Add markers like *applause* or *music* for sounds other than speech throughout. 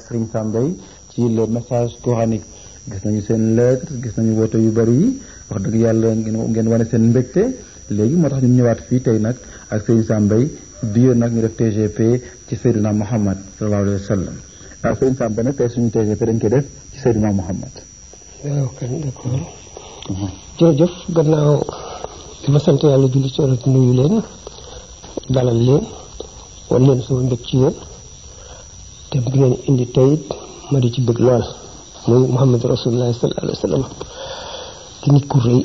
Sëriñ Sam Mbaye ci le message coranique gis nañu seen lettre gis nañu woote yu bari yi wax dëgg yàlla ngeen wane seen mbégte léegi moo tax ñu ñëwaat fii tey nag ak Sëriñ Sam Mbaye diyoon nag ñu def TGP ci Seydina Muhammad sallallahu alayhi wa sallam waaw ah, Sëriñ Sam nag tey suñu TGP dañ koy def ci Seydina Muhammad waaw kan d'accord uh-huh. jërëjëf gannaaw dama sant yàlla julli ci nuyu leen dalal leen wan leen sama mbég ci yéen te bëgg leen indi tayit ma di ci bëgg lool muy muhammad rasulullah sallallahu alayhi wa sallam di nit ku rëy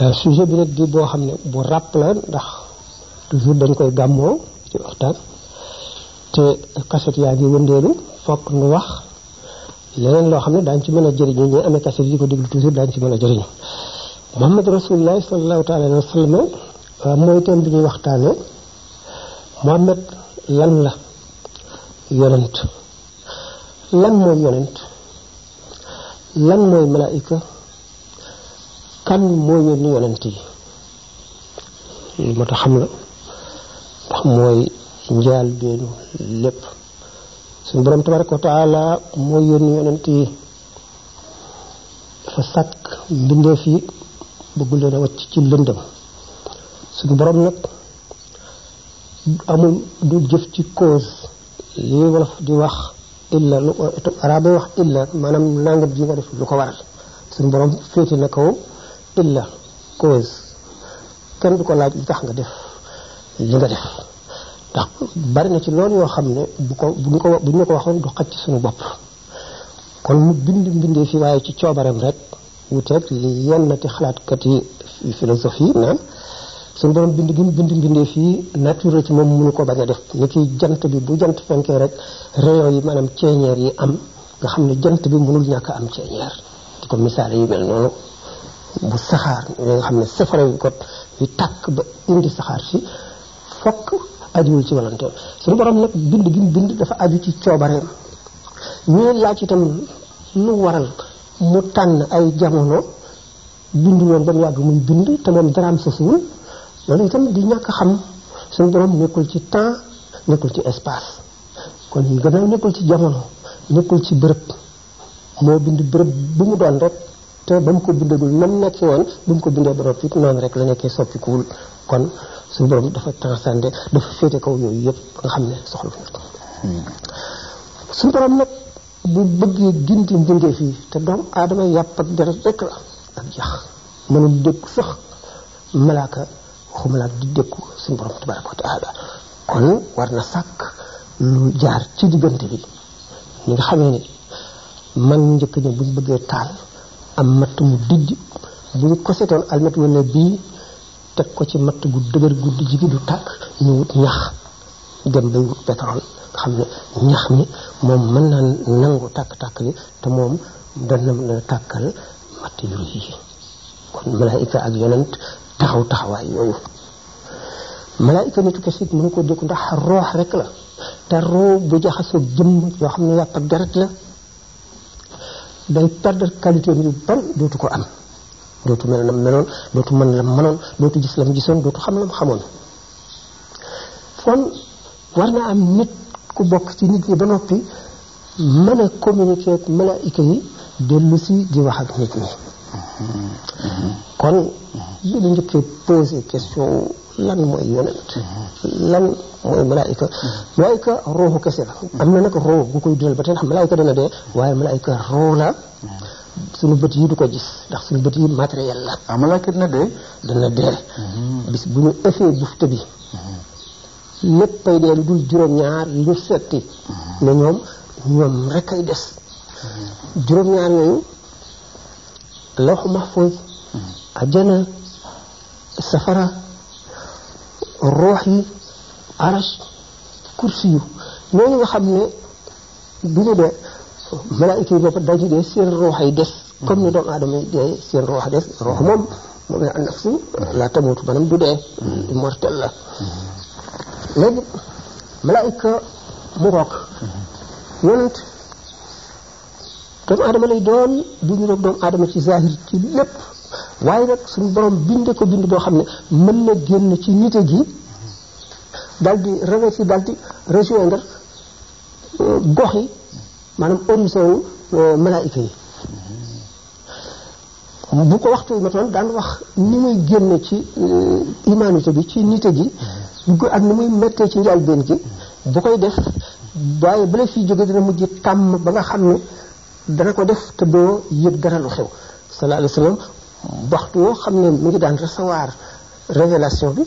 euh, sujet bi nag di boo xam ne bu ràpp la ndax toujours dañ koy gàmmoo ci waxtaan te kaset yaa ngi wëndeelu fokk nu wax leneen loo xam ne daañ ci mën a jëriñu ñi amee kaset yi di ko déglu toujours daañ ci mën a jëriñu muhammad rasulullah sallallahu taala alayhi wa sallam euh, mooy thème bi waxtaane muhammad lan la yonent lan mooy yonent lan mooy malaayika kan moo yonent yi lu ma xam la ndax mooy njaal beenu lépp suñu borom tabaraka wa taala moo yonent yi dafa sàkk mbindeef yi bëgg leen a wàcc ci lëndëm suñu borom nag amul du jëf ci cause lii wolof di wax illa lu ko arabe wax illa maanaam nangam ji nga def lu ko waral suñu borom féete na kow illa cause kenn du ko laaj li tax nga def li nga def ndax bari na ci loolu yoo xam ne bu ko bu ñu ko bu ñu ko waxoon du xaj ci suñu bopp kon mu bind mbindee fi waaye ci coobareem rek wuteeg li yenn ti xalaatkat yi philosophie naan suñu borom bind gi mu bind mbindee fii nature ci moom mënu ko bañ a def ni ki jant bi bu jant fenkee rek rayon yi maanaam ceeñeer yi am nga xam ne jant bi mënul ñàkk am ceeñeer di ko misaale yu mel noonu bu saxaar nga xam ne safara yu ko yu tàkk ba indi saxaar si fokk ajuwul ci walanteen suñu borom nag bind gi mu bind dafa aju ci coobareem ñuy laaj itam lu waral mu tànn ay jamono bindu woon ba mu yàgg muy bind te moom daraam sasuwul loolu itam di ñàkk xam suñu borom nekkul ci temps nekkul ci espace kon gannaaw nekkul ci jamono nekkul ci bërëb moo bind bërëb bu mu doon rek te ba mu ko bindagul nam nekki woon bu ko bindee ba noppi noonu rek la nekkee soppikuwul kon suñu borom dafa transcendé dafa féete kaw yooyu yëpp nga xam ne soxla suñu borom nag bu bëggee gindi mbindee fii te doom aadama yàpp ak deret rek la ak yax mënul dégg sax malaaka waxumala di dëkku suñu borom kon war na sàkk lu jaar ci diggante bi ñi nga xamee ni man njëkk ña bu ñu bëggee taal am matt mu dijj bu ñu kosetoon almet wala bii teg ko ci matt gu dëgër gudd dijj du tàkk ñu wut ñax dem bay wut pétrole xam ne ñax mi moom mën naa nangu tàkk-tàkk li te moom dana mën a tàkkal matt yooyu yi kon malaayika ak yonent taxaw taxawaay yooyu malaayika nitu kese mënu koo dékku ndax roox rek la te roo bu jaxasoo jëmm yoo xam ne yàpp ak deret la day perdre qualité yu bari dootu ko am dootu mel na meloon dootu mën la mënoon dootu gis lam gisoon dootu xam lam xamoon kon war naa am nit ku bokk ci nit ñi ba noppi mën a communiquer ak malaayika yi dellu si di wax ak nit ñi mm-hmm. Mm-hmm. kon bi ñu njëkkee posé question lan mooy yonent lan mooy malaayika malaayika ruuxu kese la am na nag ruux gu koy dundal ba tey ndax malaayika dana dee waaye malaayika ruux la suñu bët yi du ko gis ndax suñu bët yi matériel la ah malaayika dana dee dana dee mhm. bis bu ñu ëffee bufte bi mhm. léppay dee lu dul juróom-ñaar yu setti mhm. ne ñoom ñoom rek ay des juróom-ñaar yooyu lawxu mahfuz ajjana safara ruux yi aras kursi ñooñu nga xam ne bu ñu dee malaayika yi bopp dañu dee seen ruux des comme ni doomu aadama yi dee seen ruux des ruux moom moom la nafsu la tamutu maanaam du dee immortel la léegi malaayika mu roog yonent doomu aadama lay doon du ñu doomu aadama ci zahir ci lépp waaye nag suñu borom binde ko bind boo xam ne mën na génn ci nite gi daal di remercié daal di euh, gox yi maanaam horizon euh, malaayika yi bu ko waxtu matoon daan wax ni muy génn ci euh, humanité bi ci nite gi ak ni muy méttee ci njëlbéen gi bu koy def waaye bala fiy jóge dina mujj ba nga xam dana ko def te doo yëg dara lu xew sallallahu alayhi wa waxtu woo xam ne mu ngi daan recevoir révélation bi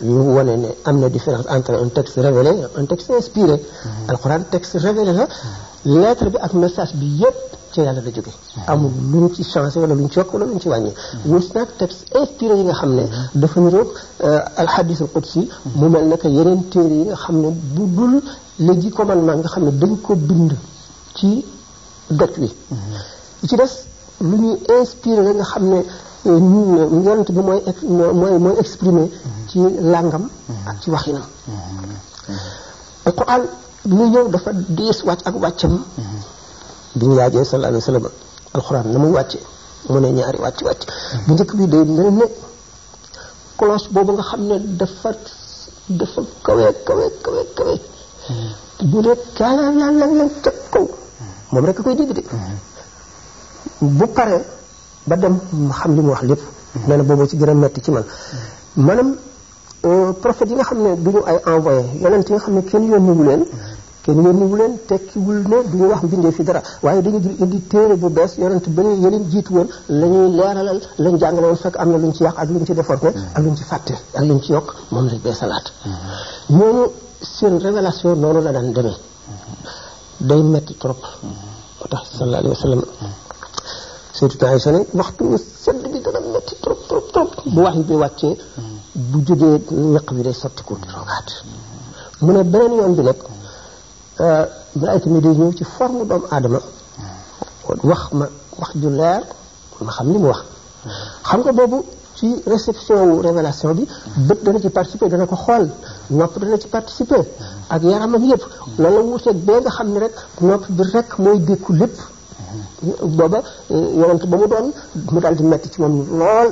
yu wane ne am na différence entre un texte révélé un texte inspiré mm-hmm. alxuraan texte révélé la lettre bi ak message bi yépp ce yàlla la jóge mm-hmm. amul lu ci chancé wala lu ñu ci yokk wala lu ñu ci wàññi wut mm-hmm. nag texte inspiré yi nga xam ne dafa niroog euh, alxadisul qudsi mu mel naka yeneen téere yi nga xam ne bu dul la ji commandement nga xam ne dañ ko bind ci doj wi ci des lu ñuy inspiré nga xam ne euh, ñu yonent bi mooy mooy mooy exprimer ci làngam ak ci waxinam alquran bi muy ñëw dafa diis wàcc ak wàccam bi ñu laajee sallallahu alayhi wa na muy wàcce mu ne ñaari wàcc wàcc bu njëkk bi day mel ne cloche boobu nga xam ne dafa dafa kawe kawe kawe kawe bu dee kaa lang lang lang ca kaw moom rek a koy dégg de bu paree ba dem xam li mu wax lépp nee na booboo ci gën a metti ci man maanaam euh, prophète yi nga xam ne du ñu ay envoyé yonent yi nga xam ne kenn yónniwu leen kenn yónniwu leen tekkiwul ne du ñu wax mbindee fi dara waaye dañu jël indi téere bu bees yonent ba ñu yeneen jiitu woon la ñuy leeralal lañ jàngale woon fekk am na luñ ci yàq ak luñ ci déformé mm. ak luñ ci fàtte ak luñ ci yokk moom lañ beesalaat ñooñu seen révélation noonu la daan demee mm-hmm. day metti trop mm-hmm. moo Sayyidatu Aïcha ne waxtu sedd bi dana métti trop trop trop bu wax yi bi wàccee bu jógee ñaq bi sotti ko di rogaat mu ne beneen yoon bi nag euh, malaayka mi day ñëw ci forme doomu aadama wax ma wax ju leer ma xam ni mu wax xam nga boobu ci réception wu révélation bi bët dana ci participer dana ko xool nopp dana ci participer ak yaramam yëpp loolu la wuuteeg bee nga xam ne rek nopp bi rek mooy dékku booba euh, yonent ba mu doon mu daal di metti ci moom lool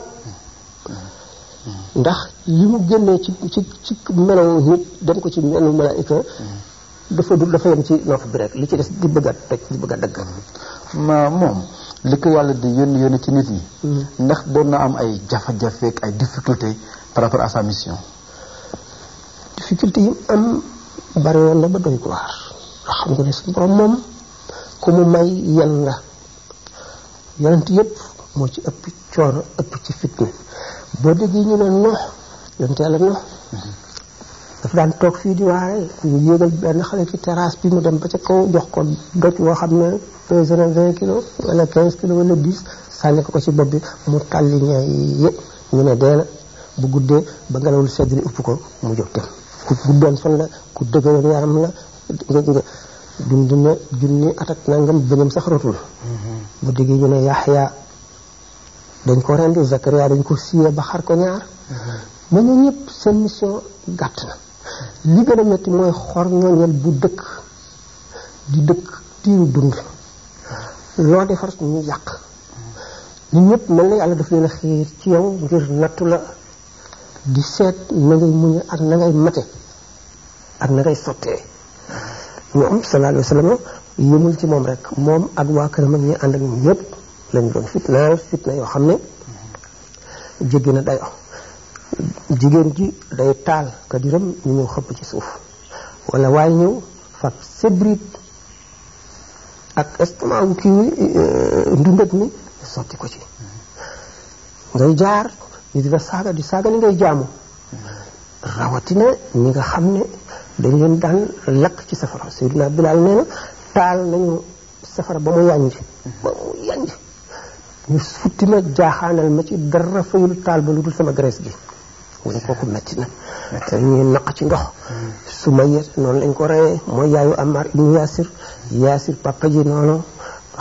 ndax li mu génnee ci ci ci melaw nit dem ko ci melu malaayika dafa du dafa yem ci nopp bi rek li ci des di bëgg a toj di bëgg dëgg ma moom li ko yàlla di yónni yónni ci nit ñi hmm. ndax doon na am ay jafe-jafe ay difficulté par rapport à sa mission difficulté yi am bari woon na ba doy ko waar xam nga ne suñu borom moom ku mu may yel la yonent yëpp moo ci ëpp coono ëpp ci fitna boo déggee ñu ne nox yonent yàlla nox daf daan toog fii di waare ñu yéegal benn xale ci terrasse bi mu dem ba ci kaw jox ko doj woo xam ne pesé na vingt kilos wala quinze kilos wala dix sànni ko ko ci bopp bi mu tàlli ñaay yëpp ñu ne dee bu guddee ba ngelawul sedd li upp ko mu jóg dem ku guddoon fan la ku dëgëroon yaram la nga dund na junni at ak nangam bëñam sax rotul bu mm-hmm. déggee ñu ne Yaxya dañ ko rendi Zakariya dañ ko siyee ba xar ko ñaar ma ñoo ñëpp seen mission gàtt na li gën a métti mooy xor ñooñeel bu dëkk di dëkk tiiru dund loo defar ñu yàq ñu mm-hmm. ñëpp mel na yàlla daf leen a xiir ci yow ngir nattu la di seet na ngay ak na mate ak na sottee mm-hmm. moom sallallahu alayhi ci moom rek moom ak waa këram ak ñi ànd ak ñoom lañ doon fitnaal fitna yoo xam ne jéggi na dayo jigéen ji day taal kadiram ñu ñëw xëpp ci suuf wala waaye ñëw fab sébrit ak estomac kii euh, ndundat mi sotti ko ci ngay jaar ñu di la saaga di saaga ni ngay jaamu mm-hmm. rawatina ñi nga xam ne dañ leen daan lakk ci safara Seydina Bilaal nee na taal nañu safara ba mu yànj ba mu yànj ñu futti ma jaaxaanal ma ci dara fayul taal ba lu dul sama graisse gi mu ne kooku metti na te ñuy naq ci ndox hmm. su ma yet noonu lañ ko reyee mooy yaayu Ammar ibn Yaasir Yaasir papa ji noonu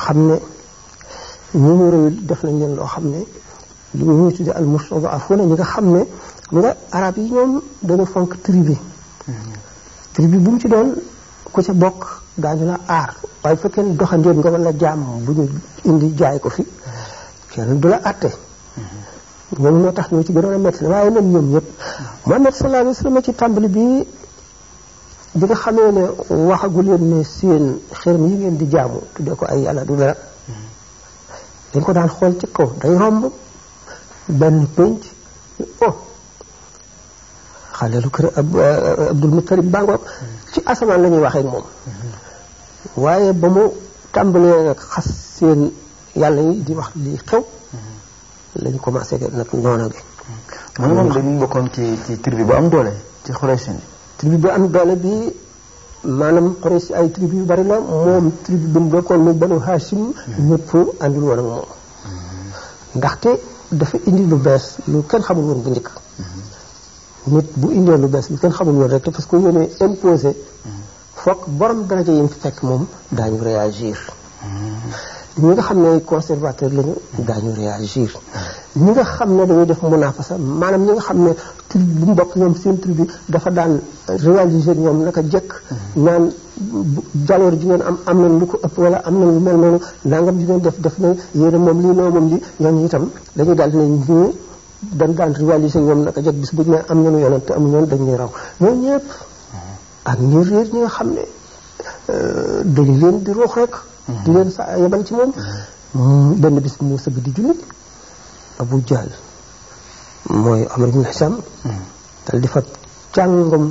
xam ne ñi mu def nañ leen loo xam ne li ñuy tudde al mustadafuna ñi nga xam ne mu nga arab yi ñoom dañu fonk tribu hmm. tribu bu mu ci doon ku ca bokk daañu la aar waaye bu fekkee doxandéem nga wala jaam bu ñu indi jaay ko fi kenn du la àtte ñoom ñoo tax ñoo ci gënoon a métti waaye nag ñoom ñëpp Muhammad sallallahu alayhi wa sallam ci tàmbali bi bi nga xamee ne waxagu leen ne seen xërm yi ngeen di jaamu tuddee ko ay yàlla du dara dañ ko daan xool ci kaw day romb benn pénc oh xaleelu kër eh, eh, Abdul Muttalib baa ngoog ci asamaan la ñuy waxee moom waaye ba mu tàmbalee nag xas seen yàlla yi di wax lii xew lañ commencé nag noona gi man moom dañuy ci ci tribu bu am doole ci Xuraysin tribu doole bi maanaam Xuraysi ay tribu yu bari la moom tribu bi mu bokkoon muy Banu Hashim ñëpp àndul woon moom ndaxte dafa indi lu bees lu kenn xamul woon bu njëkk nit bu indee lu bees lu kenn xamul woon rek parce que bu ñu imposé foog borom daraja yi mu fekk moom daañu réagir. Mm-hmm. ñi nga xam ne conservateur lañu daañu réagir mm-hmm. ñi nga xam ne dañuy def munafasa maanaam ñi nga xam ne tur bu mbokk bokk ñoom seen tur bi dafa daan réaliser ñoom naka jëkk mm-hmm. naan jaloor ju ngeen am am na lu ko ëpp wala am na lu mel noonu nangam ju ngeen def def na yéen moom lii noo moom lii ñooñu itam dañuy daal dinañ ñëw dan daan rivaliser ñoom a jot bi bu ñu ne am ñoonu yonent te am ñoon dañ ñuy raw ñoo ñëpp ak ñu réer ñi nga xam ne euh, dañ leen di ruux rek leen sa yebal ci moom benn bis mu sëgg di julli Abu mooy Amr ibn di fa càngam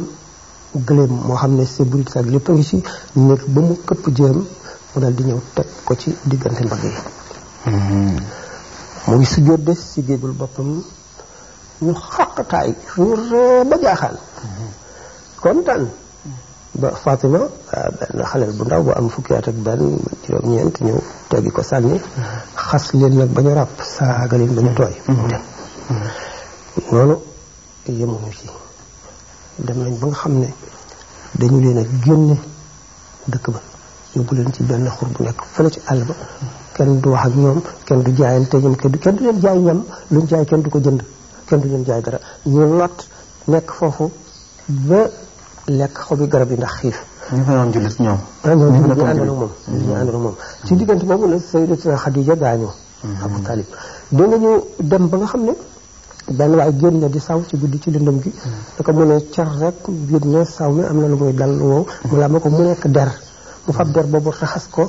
moo xam ne sécurité ak lépp a ngi ci nekk ba mu këpp di ñëw teg ko ci diggante mbagg yi mm-hmm. mu ngi sujjóot des si géebul boppam ñu xaqtaay ñu ree ba jaaxaan kontaan ba Fatima ah, benn xaleel bu ndaw bu am fukki at ak benn juróom-ñeent ñëw teggi ko sànni xas leen nag ba ñu ràpp saaga leen ba ñu tooy mm-hmm. Mm-hmm. loolu yemuñu ci dem nañ ba nga xam ne dañu leen a génne dëkk ba yóbbu leen ci benn xur bu nekk fële ci àll ba mm-hmm. kenn du wax ak ñoom kenn du jaayante ñoom kenn du leen jaay ñam luñ jaay kenn du ko jënd kenn du leen jaay dara ñu lot nekk foofu ba lekk xobi garab yi ndax xiif. ñu fa doon jullit moom ah, ñu ànd ak moom. ci diggante boobu la Sayyidatuna Xadija gaañoo. Mhm. Abu Talib da nga ñu ba nga xam ne benn waay génn na di saw ci guddi ci lëndëm gi. Mhm. da ko mën a car rek saw mi am na lu muy dal wow. mu laa ma ko mu nekk der mu fab der boobu raxas ko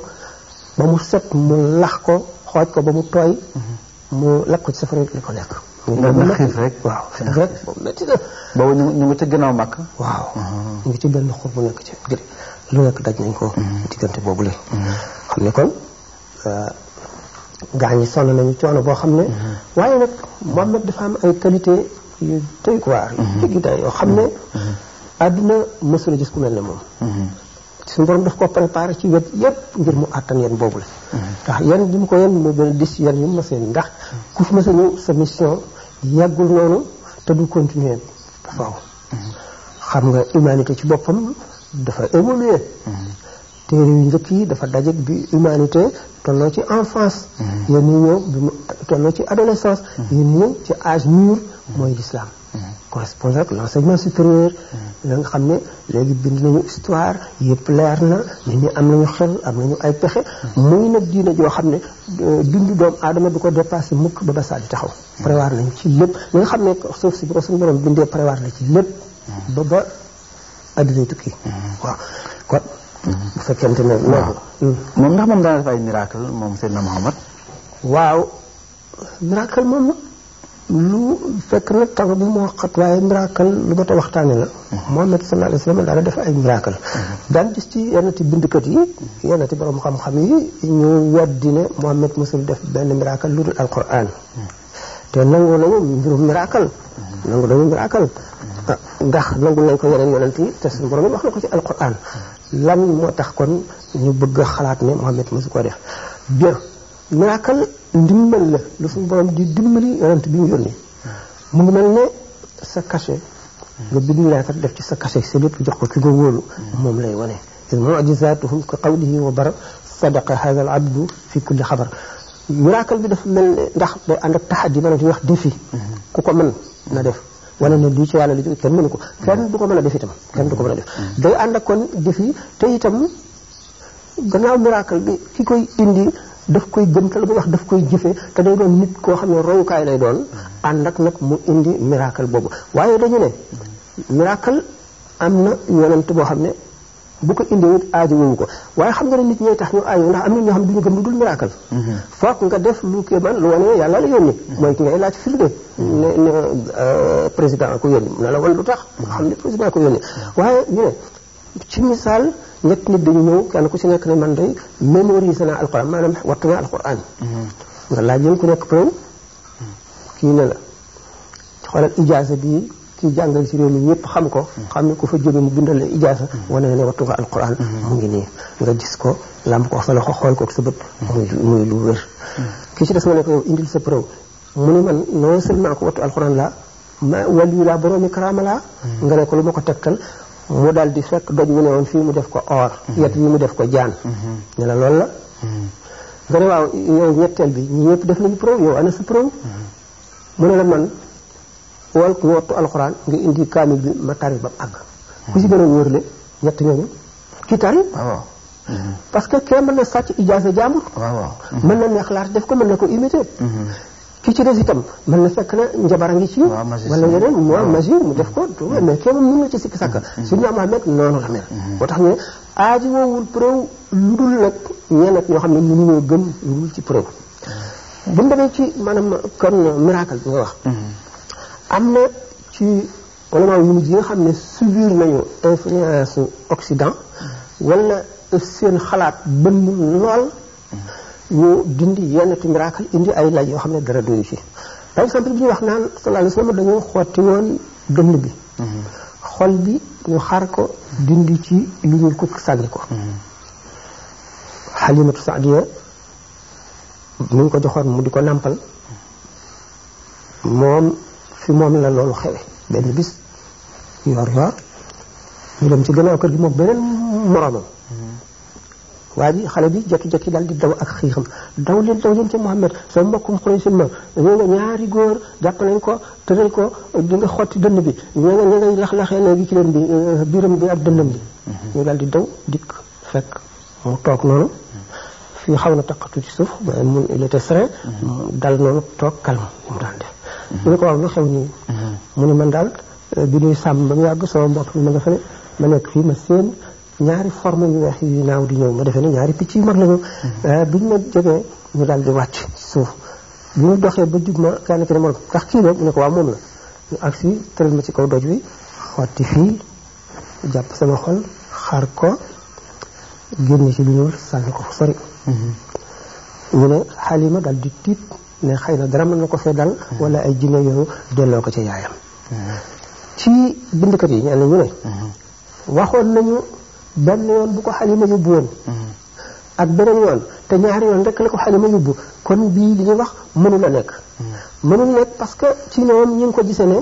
ba mu set mu lax ko xooj ko ba mu tooy. Mhm. mu lakk ko ci safara li ko lekk. nga xiif rek waaw xiif rek boobu métti na boobu ñu ñu ngi ca gannaaw màkk waaw ñu ngi ci benn xur bu nekk ci lu nekk daj nañ ko mm-hmm. diggante boobu la mm-hmm. xam ne kon euh, gaa ñi sonn nañu coono boo xam ne mm-hmm. waaye nag Muhammad dafa am ay qualité yu doy waar yu jéggi day yoo xam ne àdduna mësula gis ku mel ne moom suñu borom daf ko préparé ci wet yépp ngir mu àttan yan boobu la ndax yan bi mu ko yan moo gën a dis yan yu mu mës a ndax ku fi mës a sa mission yàggul noonu te du continuer ba faaw xam nga humanité ci boppam dafa évoluer téere yu njëkk yi dafa dajeek bi humanité tolloo ci enfance mm-hmm. yéen ñi ñëw bi mu tolloo ci adolescence mm-hmm. yéen ñi ñëw ci âge mûr mooy l'islam correspond ak l'enseignement supérieur la mm. nga xam ne léegi bind nañu histoire yëpp leer na nit ñi am nañu xel am nañu ay pexe mm. muy nag diine joo xam ne dundu euh, doomu aadama du ko dépassé mukk ba ba saa di taxaw mm. prévoir nañ ci lépp li nga xam ne suuf si bu ko suñu borom bindee prévoir na ci lépp ba ba addunay tukki waaw kon bu fekkente ne loolu moom ndax moom daana def ay miracle moom Seydina Muhammad waaw miracle moom lu fekk nag taw bi moo xat waaye miracle lu mat a waxtaane la Muhammad sallallahu alayhi wa sallam def ay miracle daan gis ci yennati bindkat yi yennati borom xam-xam yi ñu weddi ne Muhammad mosul def benn miracle lu dul alquran te nangu nañu mbirum miracle nangu nañu miracle ah, ndax nangu nañ ko yeneen yonent yi te suñu borom wax na ko ci alquran lan moo tax kon ñu bëgg xalaat ne Muhammad mosu ko def bien miracle ndimbal la lu suñu borom di dimbali yonent bi ñu yónni mu ngi mel ne sa cachet nga bind lettre def ci sa cachet sa lépp jox ko ki nga wóolu moom lay wane il mu'jizatuhum ka qawlihi wa bara sadaqa hadha al abdu fi kulli xabar miracle bi dafa mel ne ndax day ànd ak taxaddi maanaam wax défi ku ko mën na def wala ne lii ci wàlla li jóge kenn mënu ko kenn du ko mën a def itam kenn du ko mën a def day ànd ak kon défi te itam gannaaw miracle bi ki koy indi daf koy gëm te la muy wax daf koy jëfee te day doon nit koo xam ne royukaay lay doon ànd ak nag mu indi miracle boobu waaye dañu ne miracle am na yonent boo xam ne bu ko indee it aajo ko waaye xam nga ne nit tax ñu aajo ndax am na ñoo xam ne du ñu gëm lu dul miracle mm-hmm. foog nga def lu man lu wane yàlla la yónni mm-hmm. mooy ki ngay laaj firnde ne ne euh, président ko yónni mu ne la wan lu tax nga mm-hmm. xam ne président ko yónni waaye ñu ne ci misaal ñett nit dañu ñëw ku ci nekk ne man day mémorise naa alquran maanaam wattu naa mm-hmm. nekk preuve mm-hmm. kii ne la xoolal bi kii jàngal ci réew mi ñëpp xam ko mm-hmm. xam ne fa jóge mu bindal la ijaasa wane ne gis ko làmb ko sa loxo xool ko ak bët muy lu wér kii ci def ma ne yow indil sa preuve mu ne man non seulement ko wattu alquran la ma wàllu laa boroomi karaama laa nga ne ko lu ma ko tegtal mu dal di fekk doj wu ne woon fii mu def ko or yet wi mu def ko jaan ne la loolu la nga ne waaw yow ñetteel bi ñi ñëpp def nañu preuve yow ana sa preuve mu ne la man wal ku wottu alxuraan nga indi kaamil bi ma tari ba ak ku ci gën a wóorle ñett ñooñu ki tari parce que kenn mën na sàcc ijaasa jaambur mën na neex laat def ko mën na ko imiter mm-hmm. ki ci des itam mën na fekk na njabar a ngi ci wala yeneen mo mu def ko tuuba mais kii moom mën na ci sikk sàkk mm-hmm. suñu amaamet noonu la mel mm-hmm. moo tax ñu ne lu dul nag xam ne mënu lu ci preuve mm-hmm. bu ñu ci maanaam kon miracle bi nga wax am na ci ulama yu mujj yi nga xam ne subir nañu influence occident wala seen xalaat bënnul lool ñu dindi yenn ci indi ay lay yoo xam ne dara duñu ci par exemple bi ñu wax naan sallallahu alayhi wasallam dañoo xotti woon dënn bi mm-hmm. xol bi ñu xar ko dindi ci lu ñu ko sànni mm-hmm. ko xalimatu saadiya mu ko joxoon mu di ko nàmpal moom fi moom la loolu xewe benn bis yor yor ñu dem ci gannaaw kër gi moo beneen moroomam waa ji xale bi jekki-jekki daal di daw ak xiixam daw leen daw leen ci Muhammad sama mbokkum Xuraysin ma ñoo nga ñaari góor jàpp nañ ko tëral ko di nga xotti dënn bi ñoo nga ñoo ci leen euh, biiram bi ak bi mhm. ñu daal di daw dikk fekk mu toog noonu fii xaw na taqatu ci suuf mu il était mhm. dal noonu toog calme mu daan def ñu mhm. ne ko waaw lu xew nii mu ne man daal euh, bi ñuy sàmm ba mu yàgg sama mbokk mi ma nga ma nekk fii ma seen ñaari forme yu weex yu naaw di ñëw ma defee ne ñaari picc yu mag lañu mm-hmm. euh, biñ ma jegee ñu daal di wàcc suuf bi ñu doxee ba jub ma kenn ki ne ne ko waa moom la ñu agsi ma ci kaw doj wi xotti fii jàpp sama xol xar ko génne ci lu ñuul sànni ko fu sori mm-hmm. ñu ne xalima daal di tiit ne xëy na dara mën na ko fee dal mm-hmm. wala ay jinne yooyu delloo ko ci yaayam ci bindkat yi ñu ne ñu ne waxoon nañu benn yoon bu ko xalima yóbbu mm-hmm. ak beneen yoon te ñaari yoon rek la ko xalima yóbbu kon bii li ñuy wax mënul nekk mm-hmm. mënul nekk parce que ci ñoom ñi ngi ko gisee ne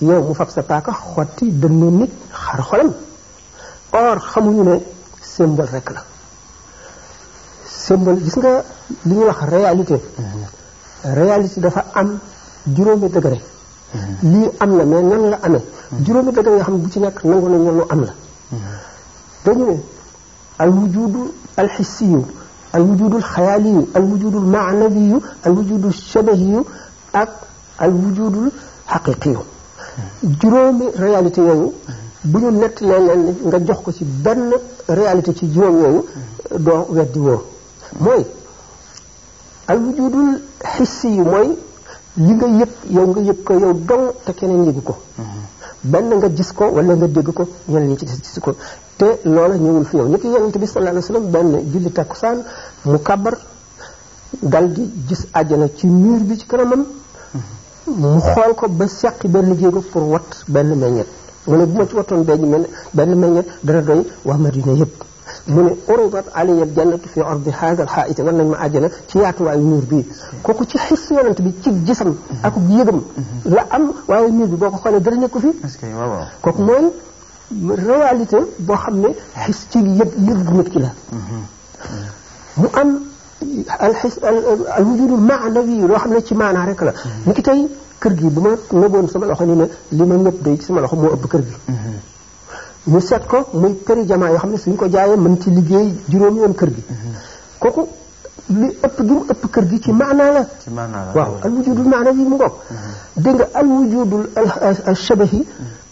yow mu fab sa paaka xotti dënnu nit xar xolam or xamuñu ne symbole rek la symbole gis nga li ñuy wax réalité mm-hmm. réalité dafa am juróomi degré lii am na mais nan la amee juróomi degré nga xam ne bu ci nekk nangu nañ ne lu am la dañu ne al wujudu al xissiyu al wujudu al xayaaliyu al wujudu al maanawiyu al wujudu al shabahiyu ak al wujudu al xaqiqiyu juróomi réalité yooyu bu ñu nett leen leen nga jox ko ci benn réalité ci juróom yooyu doo weddi woo mooy al wujudul xissi yi mooy li nga yëg ko yow dong te keneen yëgu ko benn nga gis ko wala nga dégg ko ñeneen ñi ci des gis ko te loola ñëwul fi yow niki yonente bi sallallahu alayhi wasallam benn julli takkusaan mu kàbbar dal di gis àjjana ci mur bi ci kanamam mu xool ko ba seqi benn jéego pour wat benn meññet mu ne bu ma ci watoon benn meññet dana doy waa Madina yëpp mu ne urudat alayya al jannatu fi ardi hadha al ha'it ma àjjana ci yaatuwaayu niir bii kooku ci xis yonent bi ci gisam ak yëgam la am waaye niir bi boo ko xoolee dara nekku fi kooku mooy réalité boo xam ne xis ci yëpp yëg nit ki mu am al xis al wujudu maanawi loo xam ne ci maanaa rek la ni ki tey kër gi bu ma nëboon sama loxo ni ne li ma nëb day ci sama loxo moo kër gi ñu seet ko muy këri jamaa yoo xam ne suñ ko jaayee mën ci liggéey juróom yoon kër gi kooku li ëpp gi mu ëpp kër gi ci maanaa la ci maanaa la al wujudul maana yi mu ngoog dégg nga al wujudul al shabahi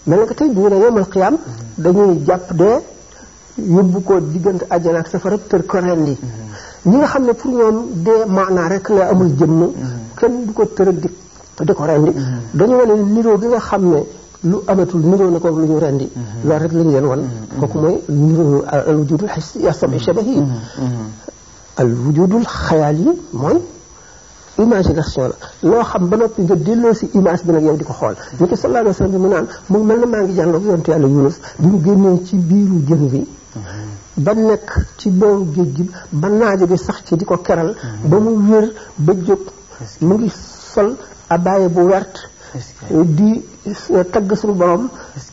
mel na ko tey bu ñu ne yowmal qiyaam dañuy jàpp dee yóbbu ko safara tër ko rendi ñi nga xam ne pour ñoom rek la amul jëmm kenn du ko tër di ko rendi mm-hmm. dañu wane niroo gi nga xam ne lu abatul niroo na ko lu ñu rendi mm-hmm. loolu rek lañu leen wan mm-hmm. kooku mooy niroo al wujudul yastabi shabahi mm-hmm. al wujudul xayaal yi loo xam ba noppi nga si image bi di ko xool ni ko sallallahu alayhi wa sallam bi mu naan mu mel na maa ngi jànloog yonte yàlla Yunus bi mu génnee ci biiru jën bi ba nekk ci booru géej gi ba naajo bi sax ci di ko keral ba mu wér ba jóg mu ngi sol abaaye bu wert di Euh, tagg suñu borom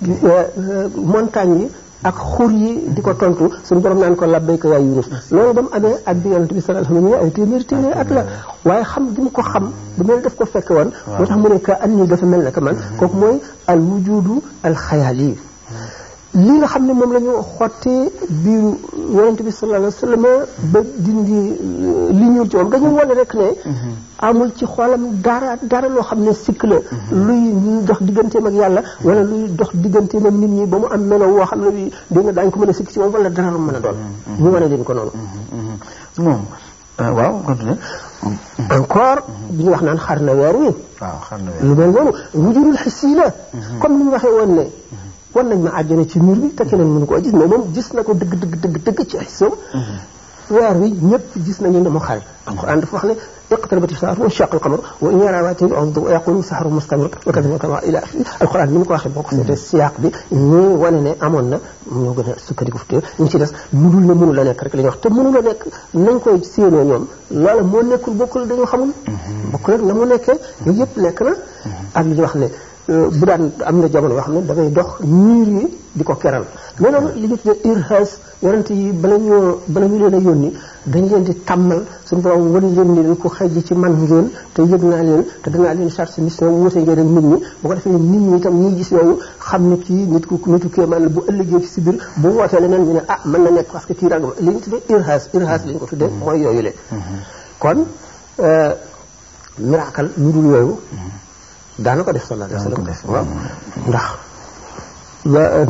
euh, montagne yi ak xur yi di ko tontu suñu borom naan ko labbayka yaay Yunus loolu ba mu amee at bi yonent bi sallallahu alayhi wa sallam ay téeméeri at la waaye xam gi mu ko xam bu mel def ko fekk woon moo tax mu ne ka an ni dafa mel na ka man mm-hmm. kooku mooy al wujudu al xayaali li nga xam ne moom la ñu xotti biiru yonent bi sallallahu alayhi wasallam ba dindi euh, li ñuul ci moom dañu wane rek ne mhm. amul ci xoolam dara dara loo xam ne sikk la mhm. luy ñuy dox digganteem mag yàlla wala luy dox digganteem ak nit ñi ba mu am melo woo xam ne bi nga daañ ko mën a sikk ci moom wala dara lu mën a doon mhm. ñu wane leen ko noonu moom euh, waaw continue encore bi ñu wax naan xar na weer wi waaw na weer lu mel noonu wujurul xis yi la comme ni ñu wan nañ ma àjjana ci mur bi te keneen mënu ko gis mais moom gis na ko dëgg dëgg ci ay soom mm-hmm. weer wi ñëpp gis nañu ne mu xare alquran dafa wax ne iqtarabati saatu wa shaqa alqamar wa in yaraw aayatin yu'ridu wa yaqulu sahru mustamir wa kadhaba wa kadhaba ila axiri siyaaq bi ñii wane ne amoon na ñoo gën a sukkandiku fi téye ci des lu dul ne mënu la nekk rek la ñuy wax te mënu la nekk nañ koy séenoo ñoom loola moo nekkul bokkul dañoo xamul mm-hmm. bokkul rek na mu nekkee yooyu yëpp nekk na mm-hmm. ak li ñu wax ne Euh, bu daan am na jamono yoo xam ne da ngay dox niir yi di ko keral mais loolu li ñu tuddee irhaas yonent yi bala bala ñu leen a ni dañ leen di tàmmal suñu bu wan leen ni leen ko xëj ci man ngeen te yëg naa leen te danaa leen charge mission wuute ngeen ak nit ñi bu ko defee ñi itam ñuy gis yow xam ne kii nit ku nitu kéemaan bu ëllëgee si biir bu wootee leneen ñu ne ah mën na nekk parce que kii ràngam li ñu tuddee irhaas irhaas ko tuddee mooy mm-hmm. euh, dul yooyu mm-hmm. daana ko def sallallahu alayhi wa ndax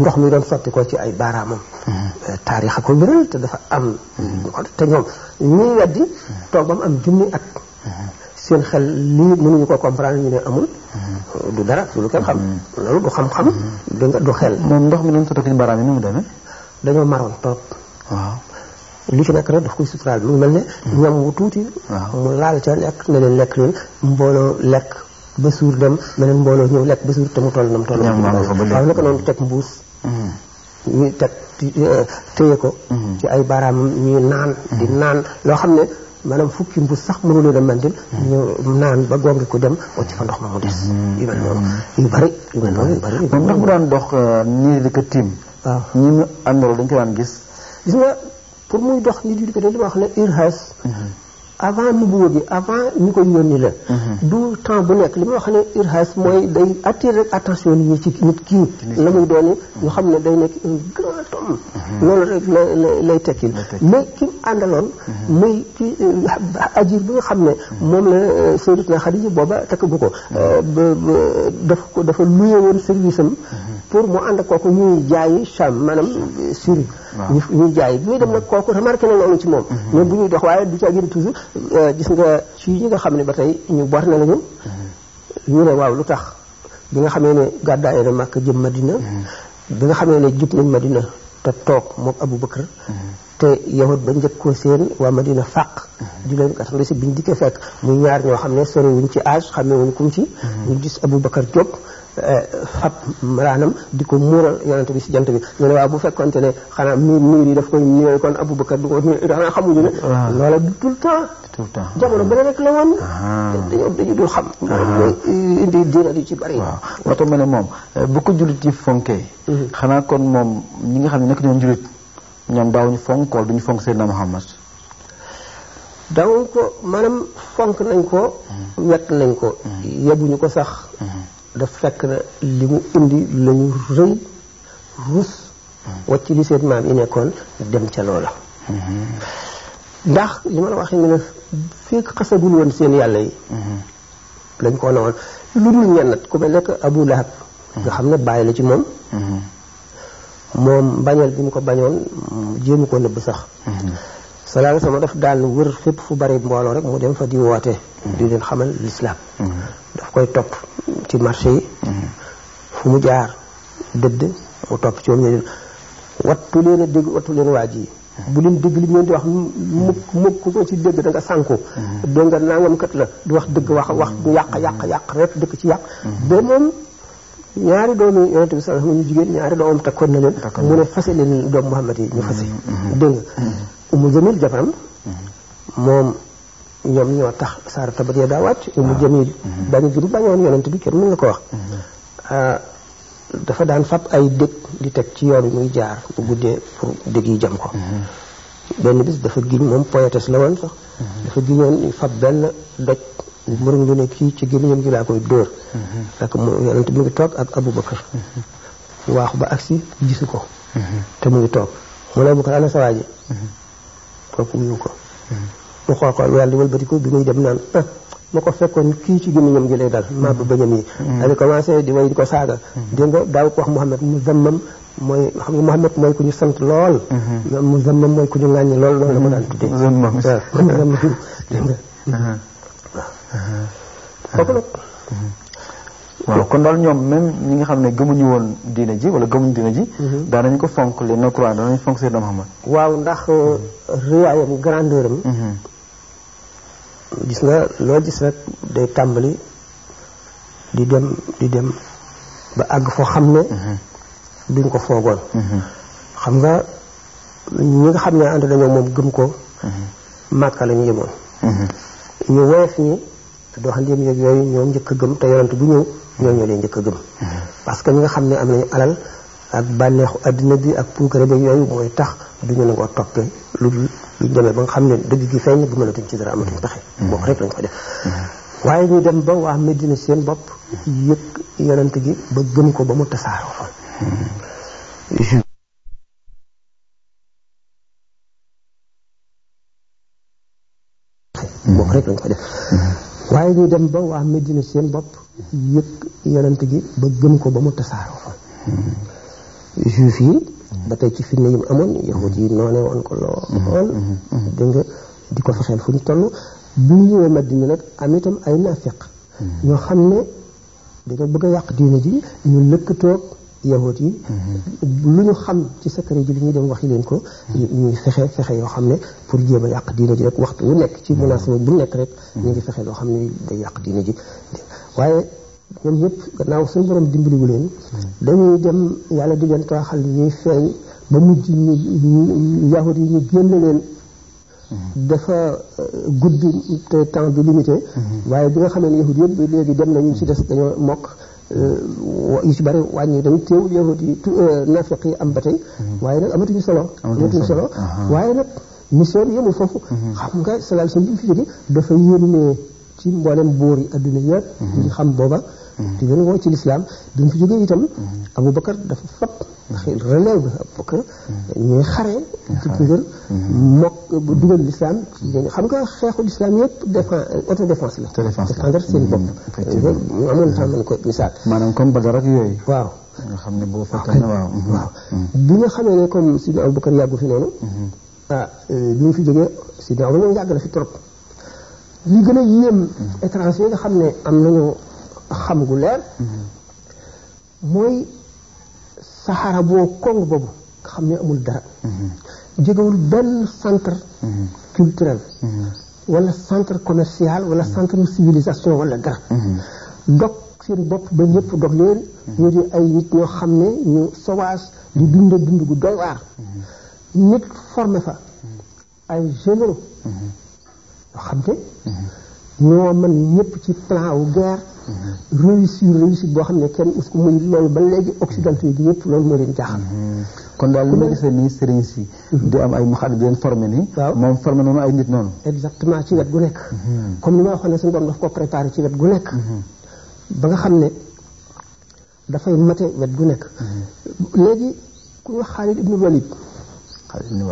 ndox mi doon sotti ko ci ay baaraamam mm-hmm. taarix te dafa am mm-hmm. te ñoom ñii weddi mm-hmm. toog ba mu seen xel lii mënuñu ko comprendre ñu ne xam loolu du xam-xam du nga xel moom ndox mi doon ko ci baaraam yi ni mu demee dañoo maroon toog ci nekk rek daf koy suturaal mu mel ne ñam wu tuuti mu laal ca lekk ne leen lekk leen mbooloo lekk ba suur dem meneen mbooloo ñëw lekk ba suur te mu toll na mu toll waaw naka noonu teg mbuus mm-hmm. ñu teg euh, téye ko mm-hmm. ci ay baaraamam ñuy naan di mm-hmm. naan loo xam ne maanaam fukki mbuus sax mënuloo dem mandil ñu naan ba gongi ko dem wacc fa ndox ma mu des yu mel noonu yu bari yu mel noonu yu bari moom ndox bu daan dox euh, nii di ko tiim waaw ñi mu àndal dañ ko daan gis gis nga pour muy dox nit yi di ko dañ di wax ne urhas avant nubuwa gi avant ñu koy nii la mhm. du temps bu nekk li ma xam ne irhas mooy day attirer attention nit ñi ci nit kii la muy dooni ñu mhm. xam ne day nekk un grand homme mhm. loolu rek lay tekki mais ki àndaloon muy ki euh, ajir bi xam ne moom la euh, Sayyidatuna Xadija booba takk bu ko euh, dafa ko dafa luye woon service am pour mu ànd kooku ñuy jaayi cham maanaam suri ñuy jaayi bi muy dem nag kooku remarqué na loolu ci moom ñoom mhm. bu ñuy dox waaye du ca gën toujours euh, gis nga ci ñi nga xam ne ba tey ñu bor na mhm. ñu ne waaw lu tax bi nga xamee ne gàddaay na Makka jëm Madina mhm. bi nga xamee ne jub nañ Madina te toog moom Abu Bakar te yahut ba njëkk ko seen waa Madina fàq di leen kat xam si biñ dikkee fekk muy ñaar ñoo xam ne sori wuñ ci âge xamee wuñ kum ci ñu gis Abu Bakar Jóob fab raanam di ko muural yonent bi si jant bi ñu waaw bu fekkonte ne xanaa miir miir yi daf koy ñëwee kon Abubakar du ko xanaa xamuñu ne loola du tout le temps tout le temps jamono bële la woon dañoo ah. dañu xam ah. di ci bari waaw moo ma ne moom bu ko jullit yi mhm. xanaa kon moom ñi nga xam ne nekk ñoom jullit ñoom daawuñu fonk wala duñu fonk Seydina Muhammad fonk nañ ko mhm. wet nañ ko mhm. yebuñu ko sax daf fekk na li mu indi la ñu rëy rus wacc li seen maam yi nekkoon dem ca loola ndax li ma la waxee ne fekk xasagul woon seen yàlla yi dañ ko na woon lu dul ñennat ku mel nekk Abu Lahab nga xam ne bàyyi la ci moom moom bañal bi mu ko bañoon jéemu koo nëbb sax salaam sama daf daan wër fépp fu bari mbooloo rek mu dem fa di woote di leen xamal lislaam mm-hmm. daf koy topp ci marché yi mm-hmm. fu mu jaar dëdd mu topp ci moom ñu wattu leen a dégg wattu mm-hmm. bu leen dégg li leen di wax mukk mukk ko ci dégg da nga sànku doo nga nangam kat la du wax dëgg wax wax du yàq yàq yàq rek dëkk ci yàq ba moom ñaari doomi yonente bi sallallahu alayhi wa sallam ñu jigéen ñaari doomam na leen mu ne fase leen doom Muhammad yi ñu fase dégg umu jamil jabaram moom ñoom ñoo tax saar tabat ya daa wàcc umu jamil mhm. bañu juru bañoon yonent bi kenn mën nga ko wax mhm. ah, dafa daan fab ay dëkk di teg ci yoon muy jaar bu guddee pour dëgg yi jam ko mhm. benn bis dafa giñ moom poétesse la woon sax dafa giñoon fab benn doj mërug lu ne kii ci gémmiñam gi laa koy dóor fekk mu yonent bi mu ngi toog ak Abubakar waaxu ba agsi gisu ko te mu ngi toog mu ne Abubakar ana sa kooku nuyu ko mu xool xool daal di wëlbati ko bi muy dem naan ah ma ko fekkoon kii ci gémmiñam gi lay dal maa hmm. ba bañam hmm. yi dañu commencé di way di ko saaga hmm. dégg nga daaw ko wax Mouhamed mu zammam mooy xam nga Mouhamed mooy ku ñu sant lool ñoom mu zammam mooy ku ñu ŋàññi lool loolu la ma daan tuddee zammam *laughs* *laughs* dégg nga waaw kooku nag waaw kon daal ñoom même ñi nga xam ne gëmuñu woon diina ji wala gëmuñu diina ji. Mhm. daanañ ko fonk les non-croyants daanañ fonk Seydina Muhammad. waaw ndax euh, riyaayam grandeur am. Mhm. gis nga loo gis rek day tàmbali di dem di dem ba àgg foo xam ne. Mhm. duñ ko foogoon. xam nga ñi nga xam ne ànd dañoo moom gëm ko. màkka lañu yemoon. ñu woyof ñi. te doxandéem yeeg yooyu ñoo njëkk a gëm te yonent bu ñëw ñoo ñoo leen njëkk a gëm parce que ñi nga xam ne am nañu alal ak bànneexu àddina bi ak puukare bi yooyu mooy tax du ñu nangoo toppee lu lu demee ba nga xam ne dëgg gi feeñ bu mënatuñ ci dara amatuñ pexe mm-hmm. boobu rek lañ ko def mm-hmm. waaye ñu dem ba waa Medina seen bopp yëg yonent gi ba gëm ko ba mu tasaaroo fa mm-hmm. bokk rek lañ ko def waaye ñu dem ba waa Medina seen bopp yëg yonent gi ba gëm ko ba mu tasaaroo fa juif yi ba tey ci fitna yi mu amoon yi noone woon ko lool dégg nga di ko fexeel fu ñu toll bu ñu ñëwee nag am ay nafiq ñoo xam ne dañoo bëgg a yàq diine ji ñu lëkkatoog yahut yi mhm. lu ñu xam ci secret ji li ñuy dem waxi leen ko mhm. ñuy fexe fexe yoo xam ne pour jéem a yàq diine ji rek waxtu wu nekk ci mhm. munasaba bu nekk rek ñu ngi fexe loo xam ne day yàq diine ji waaye ñoom ñëpp gannaaw suñu borom dimbaliwu leen dañuy dem yàlla di leen tooxal ñuy feeñ ba mujj ñu yahut yi ñu génn leen dafa euh, guddi te temps bi limité waaye bi nga xamee ne yahut yëpp léegi dem nañu ci des dañoo mokk yu euh, ci bari wàññi tamit teewul yahut euh, yi nafiq yi am ba mm-hmm. waaye nag amatuñu solo amatuñu solo uh-huh. waaye nag mission bi yemul foofu mm-hmm. xam nga salaam bi mu fi jóge dafa yónnee ci mboolem buur yi adduna yëpp ñu mm-hmm. xam booba Mm-hmm. di leen woo ci lislaam bi mu fi jógee itam mm-hmm. Aboubacar dafa fab ndax mm-hmm. relève Aboubacar ñooy xare ci ngir mokk dugal lislaam xam nga xeexu lislaam yëpp a auto défense la défendre seen bopp ñu amoon temps man ko misaal maanaam comme Badar ak yooyu waaw nga xam ne boo ah, fekkee ne waaw waaw bi nga xamee ne comme Sidi Aboubacar yàggu fi noonu ah, euh, bi mu fi jógee Sidi Aboubacar yàgg fi trop li gën a yéem étranger nga xam ne am nañu xam gu leer mooy saxara boo kong boobu xam ne amul dara jógewul benn centre culturel walla centre commercial wala centre civilisation wala dara dog seen bopp ba ñëpp dog leen ñu di ay nit ñoo xam ne ñu sauvage di dund dund gu doy waar nit formé fa ay généraux yoo xam ne ñoo mën ñëpp ci plan wu guerre mhm. réussir réussir boo xam ne kenn us ko muñ loolu ba léegi occidentaux yi yëpp loolu moo leen jaaxal mhm. kon daal li ma gisee nii sëriñ si mhm. di am ay mu xam di leen formé nii waaw moom formé noonu ay nit noonu ci wet gu nekk comme ni ma waxoon ne suñu daf ko ci wet gu nekk ba xam ne dafay mate wet gu nekk léegi ku wax Xaalid ibnu Walid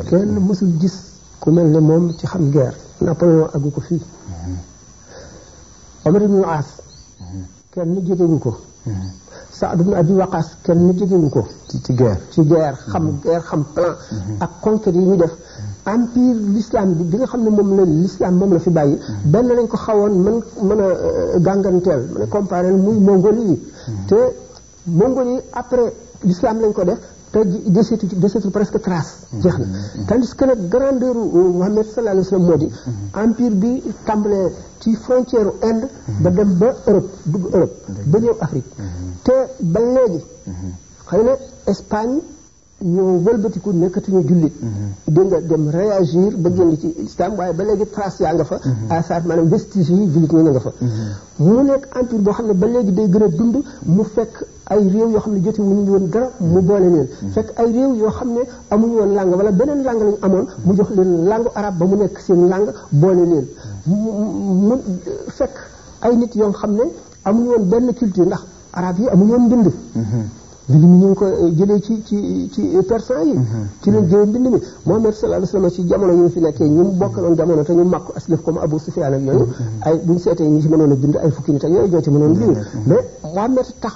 kenn mësul gis ku mel ne moom ci xam guerre Napoléon aggu ko fii Omar ibnu Aas mhm. kenn jegewu ko mhm. Saad ibnu Abi Waqaas kenn jegewu ko ci ci ci guerre xam mhm. guerre xam plan ak conquête yi ñu def empire l'islam bi bi nga xam ne moom la l'islam moom la fi bàyyi benn lañ ko xawoon mën mën a euh, gànganteel mën a comparé muy Mongolie yi te Mongolie après l'islam lañ ko def te desetu desetu presque trace. jeex na mm-hmm. tandis que nag grandeur Muhammad sallallahu alayhi wa sallam moo di. Mm-hmm. empire bi tàmbalee ci frontière Inde. Mm-hmm. ba dem ba Europe dugg Europe. ba ñëw Afrique. te ba léegi. xëy Espagne. ñoo wëlbatiku nekkatuñu jullit mhm. dégg nga dem réagir ba génn ci islam waaye ba léegi trace yaa nga fa asar mhm. maanaam vestige yi jullit ñi nga fa mhm. mu nekk empire boo xam ne ba léegi day gën a dund mu fekk ay réew yoo xam ne jote wuñu woon dara mu boole fekk ay réew yoo xam ne amuñu woon langue wala beneen langue lañu amoon mu jox leen langue arabe ba mu nekk seen langue boole leen mu fekk ay nit yoo xam ne amuñu woon benn culture ndax arabe yi amuñu woon mbind mbind mi ñu ngi ko eh, jëlee ci ci ci eh, persan yi mm-hmm. ci leen jëlee mbind mi Muhammad sallallahu alayhi wasallam ci jamono yi fi nekkee ñu mu bokkaloon jamono te ñu màkk aslëf comme Abu Sufyaan ak yooyu mm-hmm. ay buñ seetee ñi ci mënoon a bind ay fukki nit ak yooyu ñoo ci mënoon bind mm-hmm. mais Muhammad tax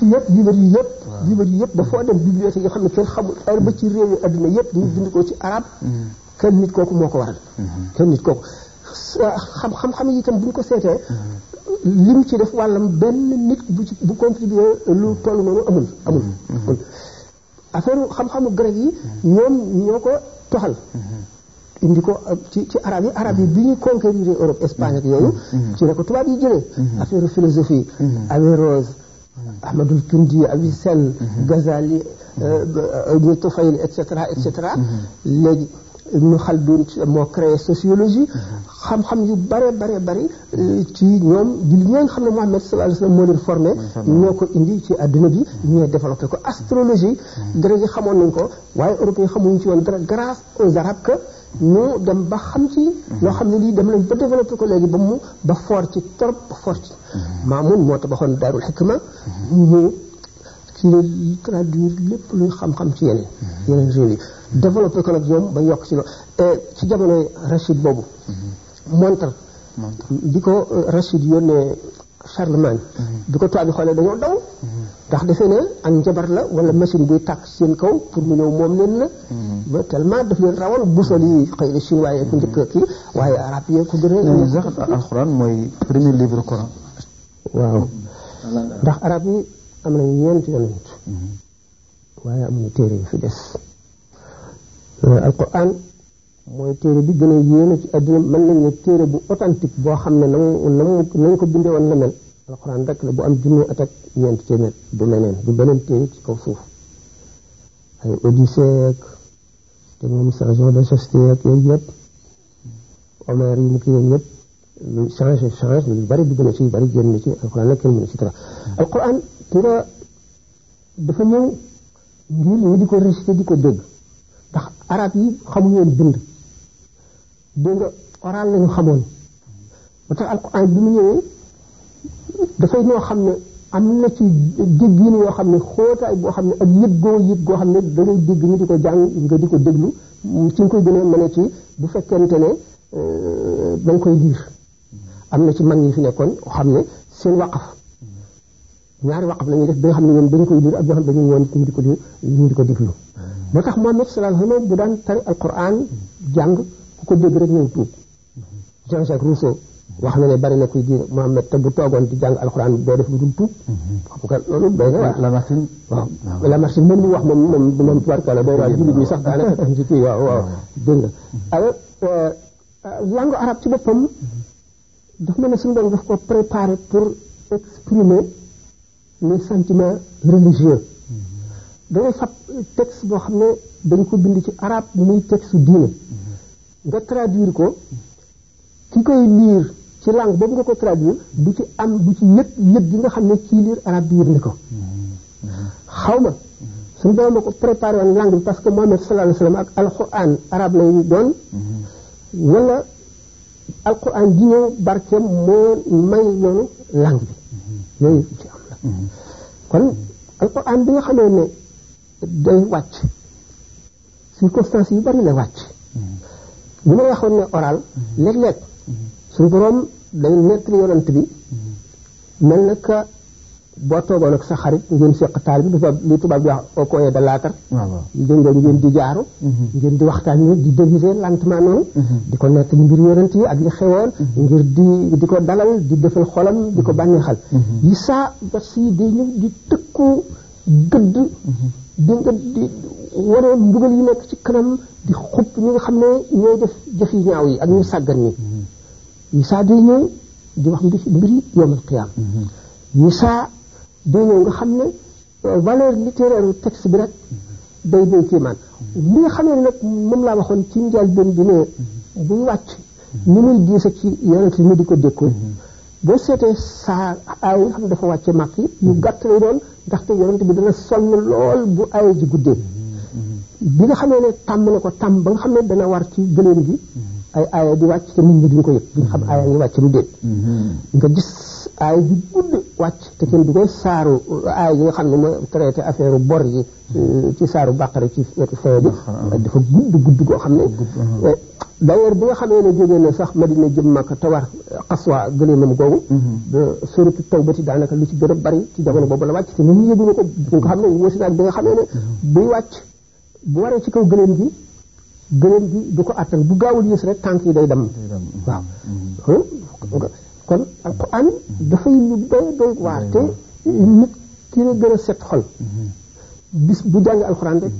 yëpp livre yi yëpp livre yi yëpp dafoo dem bibliothèque yoo xam ne kenn xamul heure ba ci réew yi adduna yëpp ñu bind ko ci arab kenn nit kooku moo ko waral kenn nit kooku xam xam-xam yi bu ñu ko seetee li ci def wàllam benn nit bu ci bu contribuer lu toll noonu amul amul mm-hmm. Mm-hmm. affaire xam-xamu grec yi mm-hmm. ñoom ko toxal indi ko euh, ci ci arab arab yi bi ñu conquérir Europe Espagne ak yooyu ci la ko tubaab yi jëlee affaire philosophie Averroès Ahmadul Kindi Avicenne Ghazali Ibn euh, euh, Tufayl et cetera et cetera léegi Ibn Khaldun moo créé sociologie xam-xam yu bare bare bari euh, ci ñoom julli ñoo nga xam ne Muhammad sallallahu alayhi wasallam moo leen formé ñoo ko indi ci àdduna bi ñoo ko astrologie grec yi xamoon nañ ko waaye européen xamuñu ci woon dara grâce aux arabes que ñu dem ba xam ci loo xam ne lii dem lañ ba développé ko léegi ba mu ba fort ci trop ba fort ci Maamun moo tabaxoon Daarul Hikma ñu ci la traduire lépp luy xam-xam ci yeneen yeneen yi développé ko nag ñoom ba yokk ci loolu si jamono jamonoy Rachid boobu mhm. montre bi ko euh, Rachid yónnee Charlemagne mhm. bi ko tubaab bi xoolee dañoo daw mhm. ndax defee ne ak njabar la wala machine buy tàkk seen kaw pour mu ñëw moom leen la ba tellement daf leen rawal busol yi xëy na chinois yee ku njëkk kii waaye arab a mooy premier livre coran yi am nañu ñeenti yonent waaye amuñu téere yu fi des alquran mooy téere bi gën a yéeme ci àddina mën nañ ne téere bu authentique boo xam ne nam nañ ko bindee woon la mel alquran rek la bu am junni at ak ñeent téeméer du leneen du beneen téere ci kaw suuf ay Odyssée ak te moom changement de société ak yooyu yëpp Homère mu ki yooyu yëpp lu change change lu bari dugg na ci bari génn na ci alquran nag kenn mënu ci dara alquran dafa ñëw ngir di ko récité di ko dégg arab yi xamuñu woon bind nga oral lañu xamoon ba tax alquran bi mu ñëwee dafay ñoo xam ne am na ci déggiin yoo xam ne xóotaay boo xam ne ak yëg goo yëg goo xam ne da ngay dégg ñu di ko jàng nga di ko déglu koy a ci bu fekkente ne euh, da nga koy liir am na ci mag ñi fi nekkoon xam ne seen waqaf ñaari waqaf la ñuy def ba nga xam ne ñoom dañu koy liir ak yoo xam ne dañuy ñu di ko liir ñu di ko déglu moo tax Muhammad sallallahu alayhi wasallam bu daan tari alquran ku ko dégg rek tuub Jean-Jacques Rousseau wax na ne bari na kuy ji Muhammad te di jàng alquran tuub xam nga loolu doy ah. wax moom moom moom tubarkala doy waa jullit ñi sax daanaka am ah. ci kii waaw waaw ah. dégg nga alors euh, langue arabe ci boppam ne suñu doon ko préparer pour exprimer les sentiments religieux danga fab texte boo xam ne dañ ko bind ci arab muy texte diine nga traduire ko ki koy liir ci langue boobu nga ko traduire du ci am du ci yëg yëg gi nga xam ne kii liir arab bi yëg ko xaw ma suñu borom ma ko préparé woon langue bi parce que Mohamed sallallahu alayhi wa sallam moo may loolu langue bi yooyu ci am la kon alquran bi nga xamee ne day wàcc circonstances yu bari la wàcc bu ma waxoon ne oral léeg-léeg suñu boroom day nett yonant bi mel na ka boo toogoon ak sa xarit ngeen seq taal bi tubaab li tubaab di wax au coin de l'âtre dégg ngeen di jaaru mhm. ngeen di waxtaan ni di déviser lentement noonu mhm. di ko nekk li mbir yonent yi ak li xewoon mhm. ngir di di ko dalal di defal xolam di ko bànneexal yi saa ba di tëkku gëdd dégg nga di wane mbugal yi nekk ci kanam di xupp ñi nga xam ne ñooy def jëf ñaaw yi ak ñu sàggan ñi misaa day ñëw di nga xam ne euh, valeur littéraire texte bi rek day day kéemaan li nga xam ne nag moom laa waxoon ci njëlbéen bi ne buy wàcc ni muy diisa ci yonent mi di ko dékkoon boo seetee saa aay nga xam dafa wàcce màkk yi yu gàtt lay doon ndaxte yonent bi dana sonn lool bu ay ji guddee mm-hmm. bi nga xamee ne tàmm na ko tàmm ba nga xam ne dana war ci gëléem gi mm-hmm. ay aaya di wàcc te nit ñi duñ ko yëg duñ xam mm-hmm. aaya yi wàcc lu déet mm-hmm. nga gis aaya ju gudd wàcc te kenn du saaru aaya yi nga xam ne mooy traité affaire bor yi euh, ci saaru bàqara ci wetu bi mm-hmm. dafa gudd gudd goo xam ne euh, d'ailleurs bi nga xamee ne jógee na sax Madina jëm Makka tawar euh, xaswa gëleemam googu ba suratu tawbati daanaka lu ci gën a bari ci jamono boobu la wàcc te nit ñi yëguñu ko bu nga xam ne si naag bi nga xam ne buy wàcc bu waree ci kaw gëleem gi gëléem gi du ko attan bu gaawul yës rek tànk yi day dem waaw kon alquran dafay lu doy doy waar te nit ki la gën a xol mm-hmm. bis bu jàng alquran rek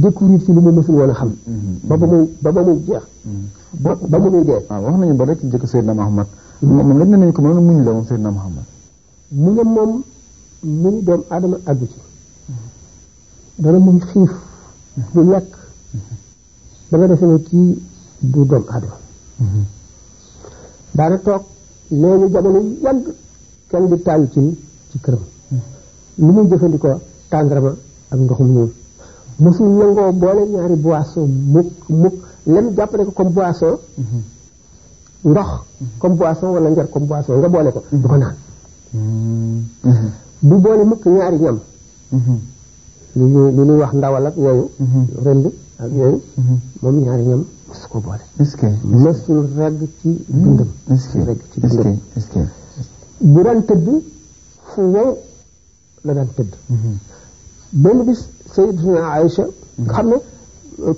découvrir ci lu mu mësul woon a xam mm-hmm. ba ba muy jeex mm-hmm. ba ba muy dee ah, wax nañu ba rek jëkk Seydina Muhammad moom lañ ne nañu ko mënoon muñ la moom Seydina Muhammad mu ne moom mu ni doom àggu ci dana muñ xiif lu yàq ba nga defee ne kii du doom mhm. aadama daana toog léegi jamono yàgg kenn di taal ci ci këram mhm. lu muy jëfandikoo tàndarama ak ndoxum ñuul mosul nangoo boole ñaari boisson mukk mukk lem jàppale ko comme boisson mhm. ndox comme boisson wala njar comme boisson nga boole ko du ko naan du boole mukk ñaari ñam lu ñuy wax ndawal ak yooyu rënd ak yooyu. Mhm. moom ñaari ñoom mosu ko boole. est-ce que mosul regg ci hmm. dundam. est-ce que bu daan tëdd fu wow la daan tëdd. Mhm. benn bis Sayyidatuna Aïcha. Mhm. nga xam ne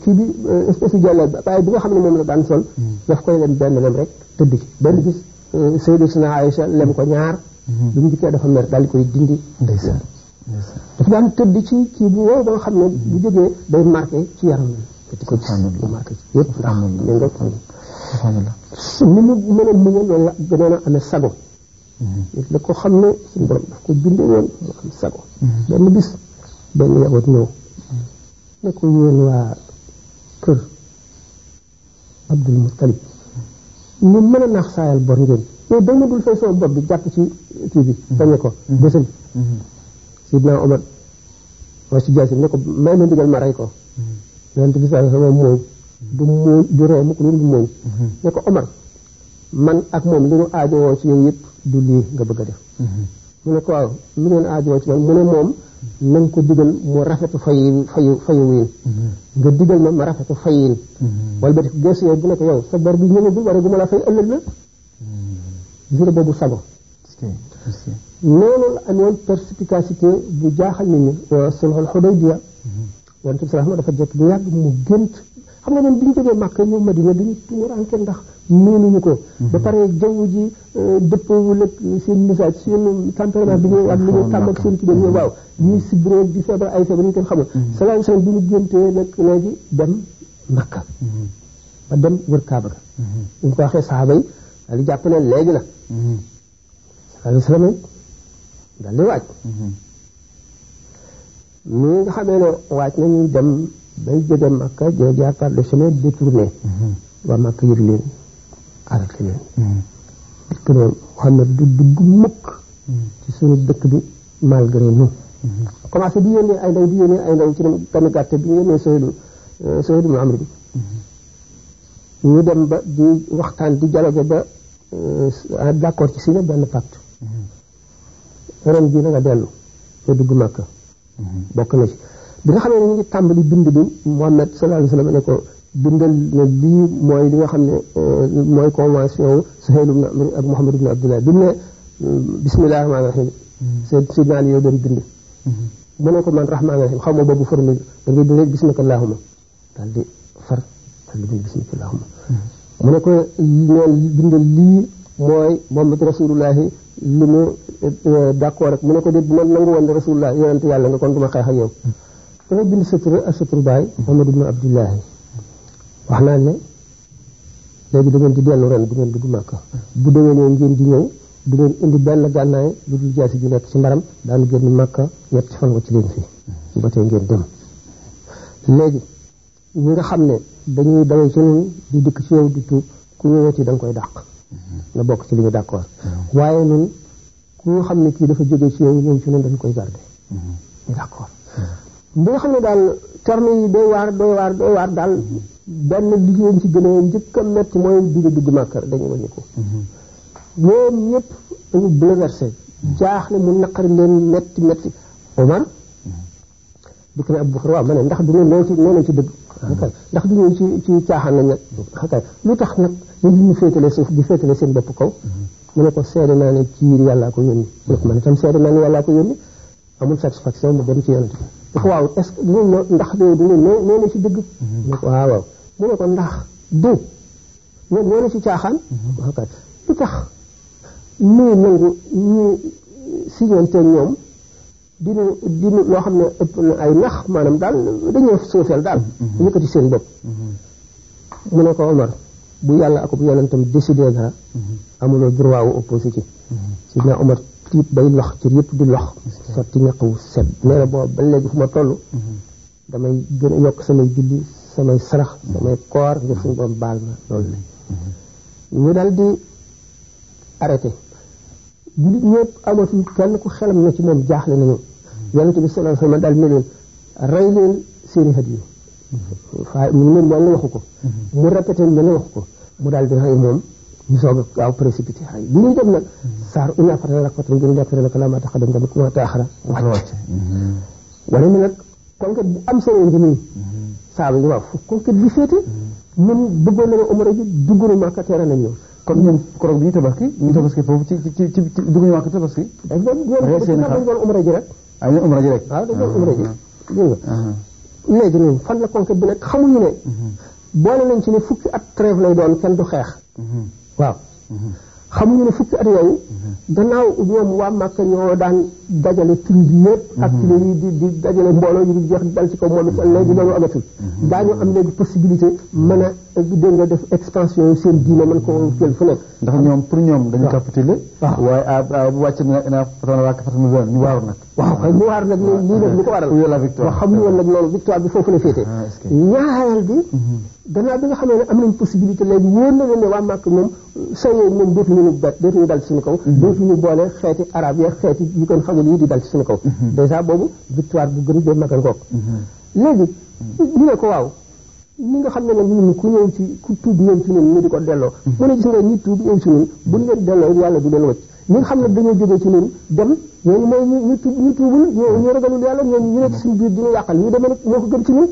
kii bi euh, espèce de jàllale bàyyi bi nga xam ne moom la daan sol. daf koy lem benn lem rek tëdd ci benn bis euh, Sayyidatuna Aïcha lem ko ñaar. bi mu dafa mer daal di koy dindi. ndeysaan daf daan tëdd ci kii bu ba xam ne bu jógee day marqué ci yaram bi ni mu mën a muñal loolu la gënoon a amee sago nit mm-hmm. la ko xam ne suñu borom daf ko bindee mu am sago mm-hmm. mm-hmm. a naax saayal bor ngeen mais da nga dul fay sama bor bi jàpp ci kii bi ko bësal sidna Omar wax ci jaasi ne ko may ma ndigal ma rey ko bi sallallahu alayhi mooy du mooy du ree mukk lu du mooy ne ko Omar man ak moom li ñu aajowoo ci yow yëpp du lii nga bëgg a def mu ne ko waaw lu ngeen aajowoo ci na nga ko digal mu rafetu fay fay fayu nga digal ma ma rafetu fayin wala ba def gees yow bu ne ko yow gu ma la fay ëllëg la juró boobu sago noonu la amoon perspicacité bu jaaxal nit ñi sulhul Hudaybiya yonent bi sallallahu alayhi wasallam dafa jekk bu yàgg mu gént xam nga ñoom bi ñu jógee Màkka ñëw Madina dañu tumuranke ndax mënuñu ko mhm. ba pare jaww ji euh, dëppawul ak seen message seen tempérament bi ñu ak li ñu tàmm ak seen ci doon ñëw waaw ñuy sibré di feebar ay feebar ñu kenn xamul mhm. sallallahu alayhi wasallam bi mu géntee nag léegi dem mhm. ba dem wër Kaaba ga ñu ko waxee saaba yi daal di jàpp ne dal di waaj ñi mm-hmm. nga ne waaj nañuy dem bay jóge Makka jaar par le chemin détourné waa mm-hmm. Makka leen arrêté leen mm-hmm. parce que loolu Muhammad du dugg mukk ci suñu dëkk bi malgré nous commencé di yónnee ay ndaw di yónnee ay ndaw ci ne ganu gàtte bi euh, ñu yónnee Sohaylu mu amri bi ñu di waxtaan di dialogue ba euh, d'accord ci signé benn pacte yeneen ji na nga dellu te dugg Makka bokk na ci bi nga xam ne ñu ngi tàmbali Muhammad sallallahu alayhi wa sallam ne ko bindal ne lii mooy li nga xam ne euh, mooy convention wu Suhayl ibn Amr ak Muhammad ibn Abdullah bi ne euh, bismillahi rahmaani rahim mm-hmm. Seydina Ali yow doon bind mm-hmm. mu ne ko man rahmaani rahim xaw ma boobu formule da ngay bind rek bismika allahumma daal di far daal di bind mm-hmm. lii mooy Muhammad rasulullahi lu mu euh, d'accord rek mu ne ko déet bu ma nangu woon rasulullah yonent yàlla nga kon du ma xeex ak yow dafa bind sëturu ak sëturu baay Muhammad ibn Abdullahi wax naa ne léegi da ngeen di dellu ren du ngeen dugg Makka bu déwénee ngeen di ñëw du ngeen indi benn gànnaay lu dul jaasi ji nekk ci mbaram daanu génn Makka ñetti fan wa ci leen fii ba tey ngeen dem léegi ñi nga xam ne dañuy dawee ci ñun di dikk ci yow ku ñëwati da nga koy dàq na bokk ci li ñu d'accord mm-hmm. waaye ñun ku nga xam ne kii dafa jóge ci yow ñëw ci ñun dañ koy garder ñu mm-hmm. d'accord mm-hmm. bi nga xam ne daal terme yi doy waar doy waar doy waar daal benn liggéeyam ci gën a njëkk a metti mooy bi nga dugg màkk dañu wàññi ko ñoom ñëpp dañu bouleversé jaaxle mu naqari leen metti metti Omar dikk Abu Bakar waaw ma ndax du ngeen noo ci noo ah. ndax du ñu ci ci tax nag ñu ñu féetale suuf di féetale seen bopp kaw mm-hmm. mu ne ko seede naa ne ciir yàllaa ko yónni mu mm-hmm. ne ko man itam seede naa ne yàllaa ko yónni ci yonent ndax waaw est ce que loolu ndax du ngeen noo noo leen ci dëgg mm-hmm. mu ne ko waaw waaw mu ne ko ndax du ñoom ñoo ci caaxaan lu tax ñuy nangu ñu siñante ñoom dinu loo xam ne ëpp na ay nax maanaam daal dañoo suufeel daal mm-hmm. yëkkati seen bopp mm-hmm. mu ne ko Omar bu yàlla ak bu yonentam décidé dara mm-hmm. amuloo droit wu opposé ci si naa Omar tiit bay lox ci yëpp di lox sotti ñaq wu set nee na boobu ba léegi fu ma toll damay gën a yokk samay julli samay sarax samay koor ngir suñu borom baal ma loolu la ñu daal di arrêté jullit ñëpp amatul kenn ku xelam na ci moom jaaxle nañu yonente bi sallallahu alayhi wasallam daal ne leen rey leen seeni xët yi fa moom loolu la waxu ko mhm. mu répété ne la waxu ko mu daal di rey moom ñu soog a gaaw précipité xay bi ñuy dem nag mhm. saar unaa fata lak fatan gën dakfira laka laa maa taqaddama tamit ku ma taaxara wàcc mhm. wala ni nag conquête bu am solo ngi nii saaba yi waaw foofu conquête bi féete ñun bëggoon nañu Umar ji duggunu Makka teera nañ ñëw comme ñun koroog bi ñu tabaski ñu tabaski foofu ci ci ci dugguñu Makka tabaski dañ doon umra ji rek ah ñu umra ji rek. waaw dañoo umra nga. léegi fan la conquête bi nekk xamuñu ne. boole nañ ci ne fukki at trêve lay doon kenn du xeex. waaw. xamuñu ne fukki at yooyu gannaaw ñoom waa Màkka ñoo daan dajale tribu yëpp ak mhm. yi di di dajale mbooloo yu di jeex dal ci kaw moom it léegi loolu amatul mhm. daañu am léegi possibilité mhm. mën a dégg nga def expansion seen diine mën ko jël fu ndax ñoom pour ñoom dañu capitulé waaye a ah, ah, wàcc na wàkk fatamison ñu waaru nag waaw kay ñu waaru nag lii nag li ko waral waaw loolu victoire bi foofu la féetee ah, ñaareel bi gannaaw bi nga xamee ne am nañ possibilité léegi wóor na leen ne waa Màkka moom soow moom dootuñu ñu bet dootuñu dal ci suñu kaw mm-hmm. ñu boole xeeti arab ya xeeti yu kon xamul yi di dal ci suñu kaw mm-hmm. dèjà boobu victoire bu gën bee mag a ngoog mm-hmm. léegi ñu ne ko waaw li nga xam ne nag ku ñëw ci ku tuub ñëw ci ñun ñu di ko delloo mu ne tuub leen delloo yàlla du leen wëcc ñi nga xam ne dañoo ci ñun dem ñooñu mooy ñu tuub ñu tuubul ñu ragalul yàlla ñooñu ñu nekk suñu biir dina yàqal ñu demee ñoo ko gëm ci ñun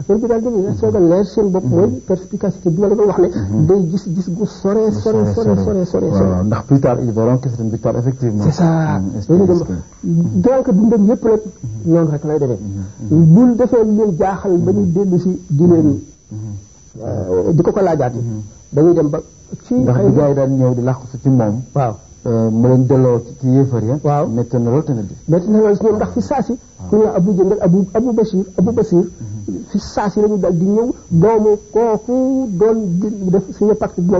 affaire bi daal dañuy soog a leer seen bopp mooy perspicacité bi ma la doon wax ne. Mhm. day gis gis gu sore sore sore sore sore. waaw ndax plus tard ils verront que c'est une victoire effectivement. c'est ça mm, donc dundam yëpp rek mm-hmm. noonu rek lay demee. Mm-hmm. Mm-hmm. bul defee lu jaaxal ba ñu dellu si dinañu. Euh, di ko ko laajaat. dañuy dem ba ci ay ndax di gars yi daan ñëw di làqu ci moom. waaw. mu leen delloo ci yéefar ya waaw métti na lool tamit métti na lool si ñoom ndax fi saasi ku ñu abu jëndal abu abu basir abu basir mhm. fi saasi la ñu di ñëw doomu kooku doon di def suñu pacte mhm.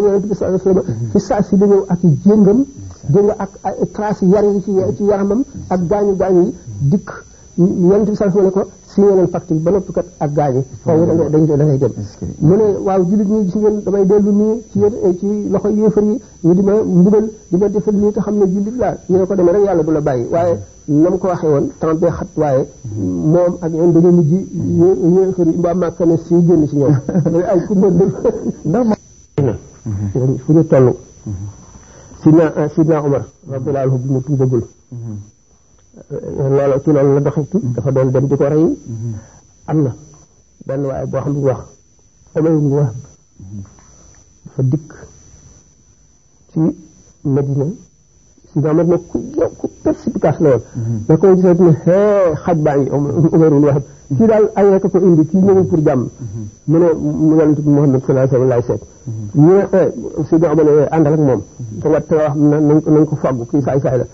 fi saasi ñëw ak jéngam jénga mhm. ak trace yar yi ci yaramam ak gaañu gaañu yi dikk yonente bi sallallahu alayhi wasallam ne ko signé nañ facture ba noppi kat ak gaañi foofu da da ngay dem mu ne waaw jullit ñi gis ngeen damay dellu nii ci yéen eh, ci loxo yéefar yi ñu di ma mbugal di ma defal nii te xam ne jullit laa ñu ne ko demee rek yàlla du la bàyyi waaye na mu ko waxee woon temps bee xat waaye moom ak yéen dañoo mujj yéefar yi mbaa màkk ne si si ñoom ay ku mbër ndax ma fu ñu toll mhm. sidna eh, sidna Omar radiyallahu anhu bi mu tuubagul mhm. loolu ci loolu la doxee ci mm-hmm. dafa doon dem di ko rey mm-hmm. am na benn waaye boo xam ne wax Umayr ibn Wahb dafa dikk ci Medina Sidi Ahmed nag ku ku perspicace la woon. da ko gisee ne hee xaj baa ngi Umarul Wahab kii daal ko indi kii ñëwul pour jàmm. mu ne mu yonent bi Muhammad sallallahu alayhi nga ko fàggu kii la.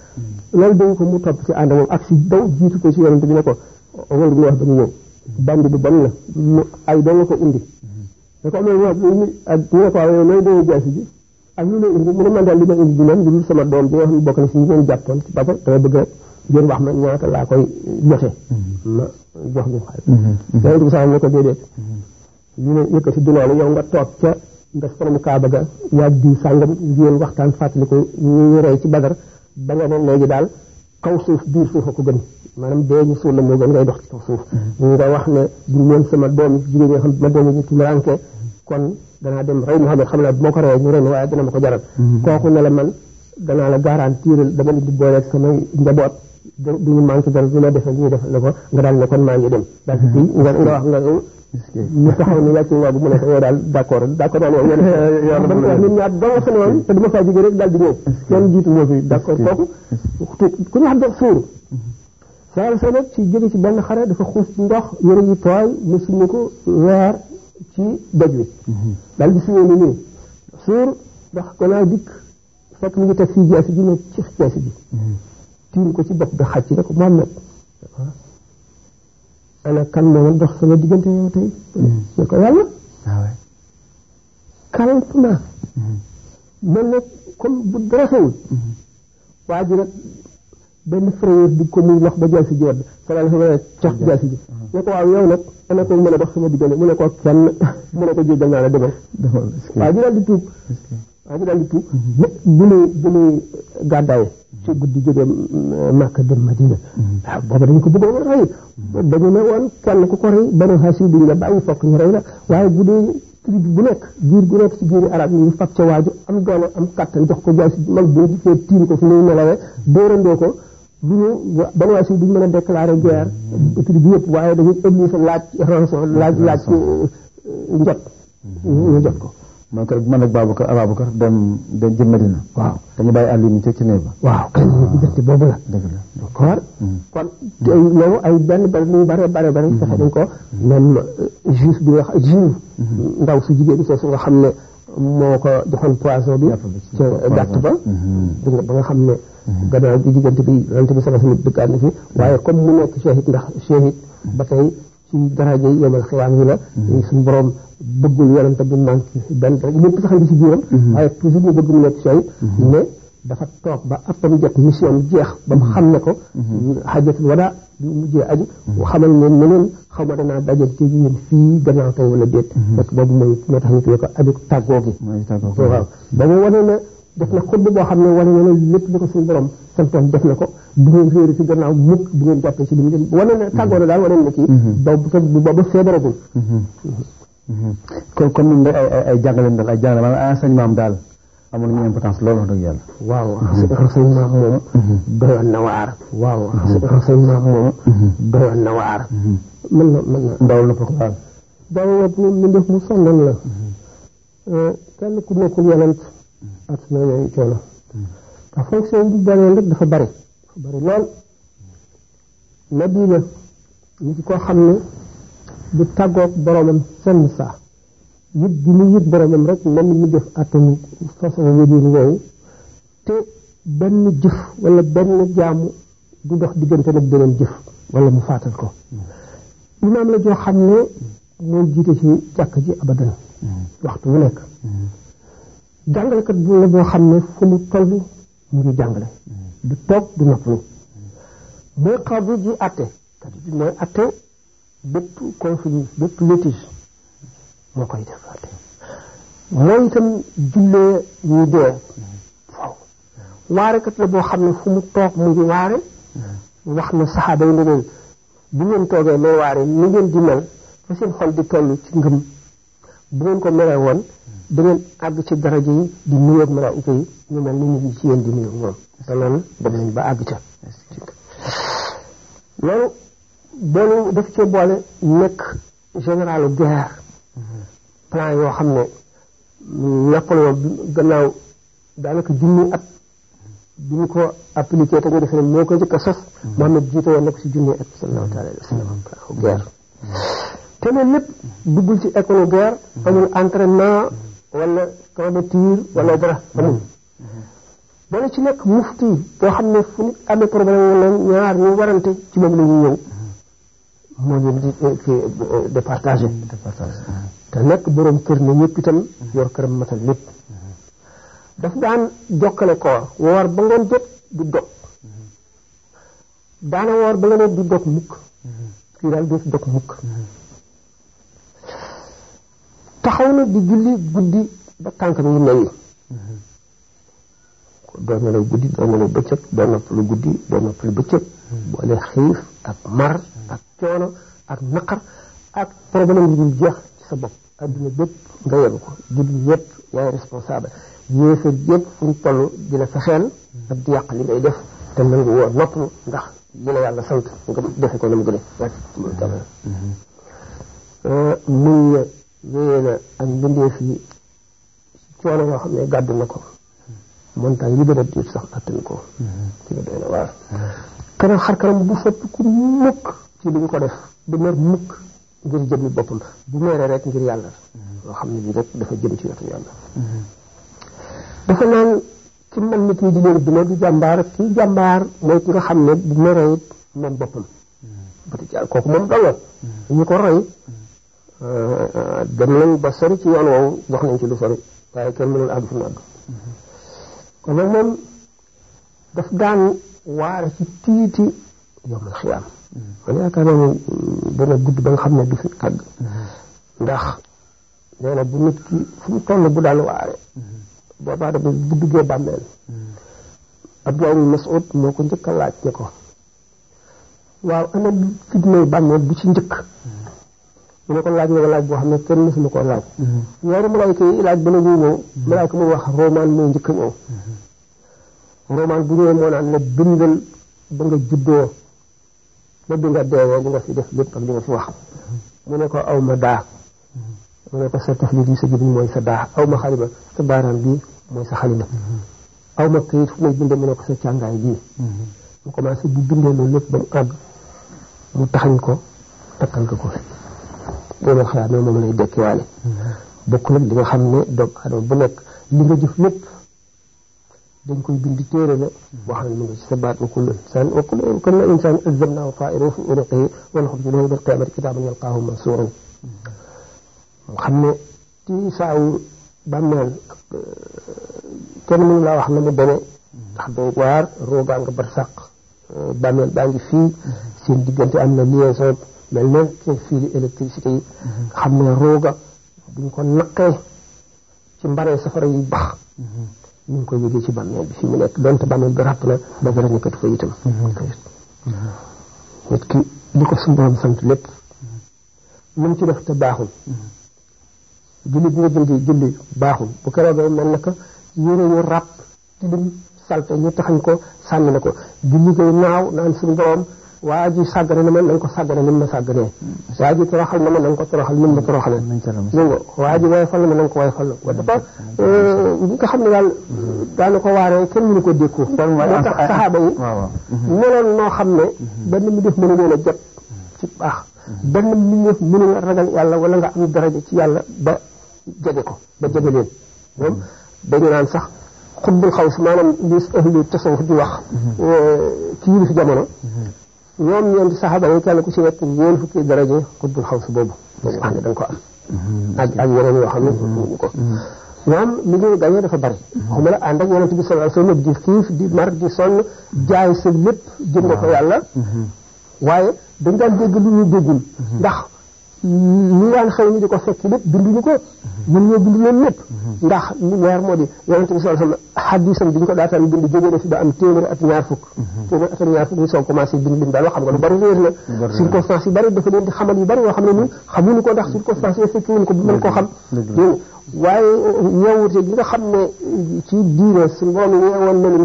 loolu dañ ko mu topp ci ànd moom ak si na jiitu ko si yonent bi ne ko Umarul Wahab dañu ñëw. bandi bu bon la mu ay doo nga ko indi. da ko Umarul Wahab ñu ah, ne ko waaye nooy doo jaasi ji. ak ñu lay indi mu ne man daal li ma indi di leen sama doom bi nga ba pare a ma laa koy joxe. Mm-hmm. ma jox ñu xaalis. loolu itam sax moo ko déedéet. Mm-hmm. ñu ne yëkkati di loolu yow nga toog ca nga forom kaaba ga yaa di sàngam ngeen waxtaan fàttaliku ñu rey ba nga ne léegi daal kaw a ko gën. Mm-hmm. wax ne bu ñu sama doom jigéen ma doom yi kon danaa dem rey Muhammad xam naa bu ma ko reyee ñu ren waaye dana ma ko jaral mm-hmm. kooku ne la man danaa la garantiral dama leen di booleeg samay njaboot duñu manqué dara du ma defal ñu defal la ko nga daal ne kon maa ngi dem daal ci mm-hmm. nga nga wax nga ñu taxaw ni wàcc waagu mu ne ko yow daal d' accord d' accord daal *laughs* yow yéen ñun ñaar dong fa ne woon te dama faa jógee rek daal di ñëw kenn jiitu moo fi d' accord kooku ku ñu wax dog suur mm-hmm. saal sa nag ci jóge ci benn xare dafa xuus ci ndox yëre yi tooy mu summi ko weer ci doj wi mhm. daal di signé ni suur ndax konaa dikk fekk mu ngi teg fii jaasi ji ne ci jaasi ji mhm. tiim ko ci bopp bi xaj ci ko Muhammad ana kan moo dox sama diggante yow tey mhm. ne ko yàlla ah kaltu naa mel ne comme bu dara xewul waa benn frère di ko muy wax ba jaasi ji wadd sallallahu alayhi wa sallam cox jaasi ji ah. ne ko waaw yow nag ana ko mën a dox sama diggante mu ne ko kenn mu ne ko jéggal naa la demal waaw ji daal di tuub waaw ji daal di tuub lépp mhm. bu nu bu nu gàddaay ci mhm. guddi jóge euh, Màkka dem Madina waaw mhm. ah, booba dañ ko bëggoon a rey dañu ne woon kenn ku ko rey banu xaasi duñ la bàyyi fokk ñu rey la waaye bu dee tribu bu nekk giir gu nekk ci giiri arab yi ñu fab ca waaju am doole am kàttan jox ko jaasi mag boo gisee tiim ko fu muy melawee dóorandoo ko bu ñu Benoît duñ mën a déclarer guerre tri bi yëpp waaye dañuy obligé laaj rançon laaj laaj euh, njot mhm. ñu jot ko man ko man ak Babacar Ababacar dem dem jëm Medina waaw dañu bàyyi àll yi ca ci néeg ba waaw kay diggante boobu la dëgg la d'accord mhm. bare bare bare mhm. fexe dañ ko même euh, juge bi nga xam ne moo ko joxoon poison bi gàtt ba ba nga xam ne gannaaw bi diggante bi yonent bi sama nit dëkkaat na fi waaye comme mu nekk shahid ndax shahid ba tey ci daraja yi yomal xiyaam yi la mm-hmm. suñu borom bëggul yonent bi manqué benn daraja ñëpp sax ngi ci biiram mm-hmm. waaye toujours ñu bëgg mu nekk shahid mm-hmm. mais dafa toog ba appam jot mission jeex ba mu xam ne ko xajatul wadaa bi mujjee aju xamal ne meneen ma danaa dajante yéen fii gannaaw tey wala déet parce que boobu mooy moo tax ñu tuddee ko aju tàggoo gi ba mu wane def na xutba boo xam ne wane na ne lépp lu ko suñu borom santoon def na ko bu ngeen réeré ci a mukk bu ngeen jàppee ci li a wane na tàggoo na daal wane na ci mm-hmm. ba ba feebaragul mm-hmm. Mm-hmm. kon comme ñun ay ay jàngaleem daal ay jàngale maanaam enseignement *laughs* waar waaw na waar na mën na dawal ko daal dawal na mu def mu sonnoon la euh, kenn ku nekkul yonent ak suma yooyu coono ndax fonction yi bu baree rek dafa bari dafa bari lool na diina ñu ci xam ne du tàggoog boromam senn saa yit di mu yit boromam rek mel ni mu jëf àttan façon wédin woowu te benn jëf wala benn jaamu du dox diggante nag beneen jëf wala mu faatal ko imaam la joo xam ne mooy jiite ci jàkk ji abadan mm. waxtu wu nekk mm. jàngalekat bu la boo xam ne fu mu toll mu ngi jàngale du toog du noppalu mooy xabu ji bi mooy atte moo koy def atte mooy itam jullee ñuy dee waarekat la boo xam ne fu mu toog mu ngi waare wax na saxaaba yi ne leen bu ngeen toogee may waare ni ngeen di mel fa seen xol di toll ci ngëm bu ngeen ko meree woon da ngeen àgg ci daraja yi di nuyoog malaayika yi ñu mel ni ñu ngi ci yéen di nuyoog moom te loolu dem nañ ba àgg ca loolu boolu daf cee boole nekk généralu guerre plan yoo xam ne Napoléon gannaaw daanaka junni at bi ñu ko appliqué te nga defe ne moo ko njëkk a sos Mohamed jiite woon na ko si junni at sallallahu alayhi wa sallam guerre te loolu ci école guerre wala camp de nekk mufti boo xam ne fu nit ci moom la eh, eh, nekk borom kër ne ñëpp itam matal lépp daf daan jokkale koor woor ba ngoon jot du dog daana woor ba ngoon jot du dog kii daal dootu dog mukk taxaw na di julli guddi ba tànk bi meññ doo nelaw guddi doo nelaw bëccëg doo noppalu guddi doo noppalu bëccëg boole xiif ak mar ak coono ak naqar ak problème yi dul jeex ci sa bopp adduna bépp nga yeb ko julli yépp yaay responsable yéefar yépp fu ñu toll di la fexeel ak di yàq li ngay def te nangu woo noppalu ndax li la yàlla sant nga defe ko na mu gën a muy wéyee na ak mbindeef yi coono yoo xam ne gàddu na ko montagne yi gën a diis sax attan ko ci la doy na waar kanam xar kanam bu fëpp ku mukk ci li ñu ko def bu meeree rek ngir yàlla loo xam ne bii rek dafa jëm ci wetu yàlla dafa naan ci man nit ñi di leen dina du jàmbaar kii jàmbaar mooy ki nga xam ne bu meree it moom boppam ba te jaar kooku moom danga ñu ko roy dem nañ ba sori ci yoon woowu wax nañ ci lu sori waaye kenn mënul àgg fu mu kon nag moom daf daan waare ci tiiti yowmal xiyaam man yaakaar naa ne dana gudd ba nga xam ne du fi àgg ndax nee na bu nit ki fu mu toll bu daan waare boobaa dafa bu duggee bàmmeel Abdullah ibn Mas'ud moo ko njëkk laaj ne ko waaw ana fitnay bàmmeel bu ci njëkk mu ne ko laaj nga laaj boo xam ne kenn mësula koo laaj ñaari malaayka yi laaj ba la ñuy ñëw malaayka mu wax roman mooy njëkk ñëw roman bu ñëwee moo naan la bindal ba ba nga deewee li nga nga mu ne ko aw ma daa mu sa tafli bi sa jibiñ mooy sa daa aw ma xalima sa baaraan bi mooy sa xalima aw ma kayit fu may bindee mu ne ko sa càngaay bii mu commencé bu bindee loolu lépp ba mu àgg mu taxañ ko takkal ko boo doon xalaat ne moom lay dekkiwaale bokk nag li nga xam ne doomu aadama bu nekk li nga jëf lépp dañ koy bind téere la boo xam ne mu ngi ci sa baat wa kullu insaan wa kullu kullu insaan alzamnaahu taa'irahu fi unuqihi wa nukhruju lahu xam wax na mu demee ndax doo waar roogaa nga barsàq bàmmeel baa ngi fii seen diggante am na liaison mel na ci fiili électricité yi xam ne rooga buñ ko naqee ci mbaree safara yi bax ñu ngi ko yëgee ci bàmmeel bi fi mu nekk donte bàmmeel bi ràpp na ba dara nekkatu fa itam nit ki li ko sant lépp ci def te baaxul julli bi baaxul bu keroogee mel na ko yére yu ràpp di dim salte ñu ko sànni la ko julli koy naaw naan suñu waa ji sàggane na man na ko sàggane ni ma sàgganee hmm. waa ji toroxal na ma na ko toroxal ni ma toroxalee dégg nga waa ji woyofal na ma na ko woyofal wa dafa ñi nga xam ne daal daana ko waaree kenn mënu ko dékku hmm. moo tax hmm. noo xam ne benn mi def mënu leen a jot ci baax benn mi def mënu nga ragal yàlla wala nga am daraja ci yàlla ba jege ko ba jege leen moom naan sax xubbul xaw si maanaam li ahlu tasawuf di wax euh, ci yilif jamono ñoom ñeenti saxaaba yi kenn ku ci nekk ñeen fukki daraje xutbul xaw si boobu bés wax ne da ko am mm-hmm. ak ak yeneen yoo xam ne ñu mm-hmm. ko mm-hmm. ñoom li ngeen gañee dafa bari xuma la ànd ak yonent bi sallallahu alayhi wasallam di xiif di mar di sonn jaay sa lépp jëm nga ko yàlla waaye dañ daan dégg lu ñu déggul ndax ñu daan xëy ni di ko fekk lépp binduñu ko ñun ñoo bind loolu lépp mhm. ndax lu leer moo di yonente bi sallallahu alayhi wasallam hadisam bi ñu ko daataan bind jógee na fi ba am téeméeri at ñaar fukk mhm. téeméeri at ñaar fukk ñu soog commencé bind lim daal wax xam nga bari réer na circonstance yu bari dafa leen di xamal yu bari yoo xam ne ñun ko ndax circonstance yi fekk wuñu ko bu mën ko xam waaye ñeewute gi nga xam ne ci diine suñu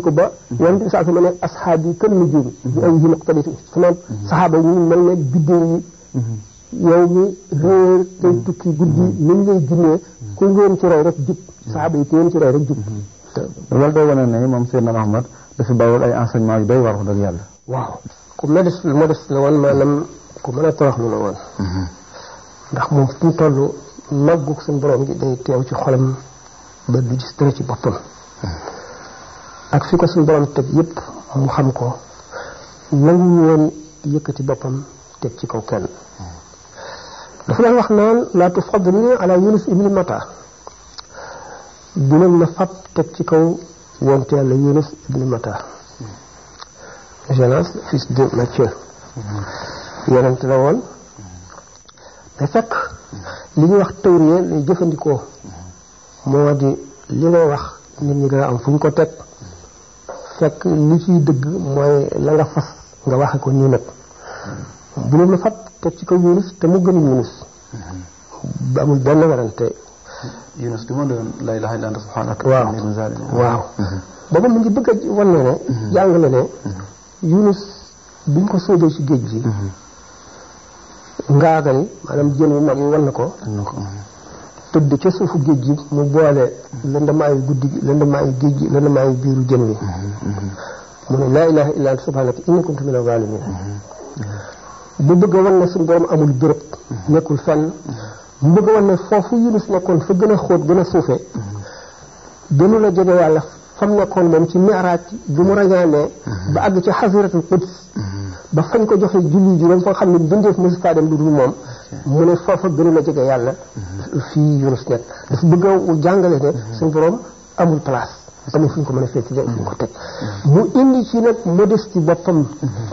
ko ba mhm. yonente bi sallallahu alayhi wasallam ne ashaab yi kan nujuum bi ay yi naqtabiti yow mi hmm. réer tey tukki hmm. guddi hmm. niñ lay ku ngeen ci roy rek jub saaba yi ku ngeen ci roy rek jub loolu day wane ne moom Seydina Muhammad dafa bàyyiwul ay enseignement yu doy war wax dëgg yàlla waaw ku modeste modeste la woon maanaam ku mën a toroxlu la woon ndax moom fi mu toll màggug suñu borom gi day teew ci xolam ba du gis dara ci boppam ak fi ko suñu borom teg yépp mu xam ko nanguñu woon yëkkati boppam teg ci kaw kenn dafa daan wax naan laa tufadlina ala bu leen ma fab teg ci kaw yonte yàlla mata Jonas fils de Matthieu yonent la woon mais fekk li ñuy wax tawriye lay jëfandikoo moo di li nga wax nit ñi dana am fu ñu ko teg fekk li ciy dëgg mooy la nga fas nga waxe ko nii nag buloom la fab teg ci kaw Yunus te mu gën Yunus ba la ilaha illa anta subhanaka waaw mu ngi bëgg a wan ne mm-hmm. ne jàngale mm-hmm. Yunus biñ ko sóobee ci géej gi mm-hmm. ngaagal maanaam jën wu mag yi wan na ko tëdd ca suufu géej gi mu boole lëndamaayu guddi gi lëndamaayu géej gi lëndamaayu biiru mu bëgg a wan ne suñu borom amul béréb nekkul fenn mu bëgg a wan foofu Yunus nekkoon fa gën a xóot gën a suufe gënu la jege yàlla fam nekkoon moom ci miraaj bi mu rañaanee ba àgg ci xasiratul quds ba fañ ko joxe julli juróom foo xam ne bindeef mosu faa dem dul moom mu ne foofa gënu la jege yàlla fii Yunus nekk dafa bëgg a jàngale ne suñu amul place a fekk fu ñu ko teg mu indi ci nag modestie boppam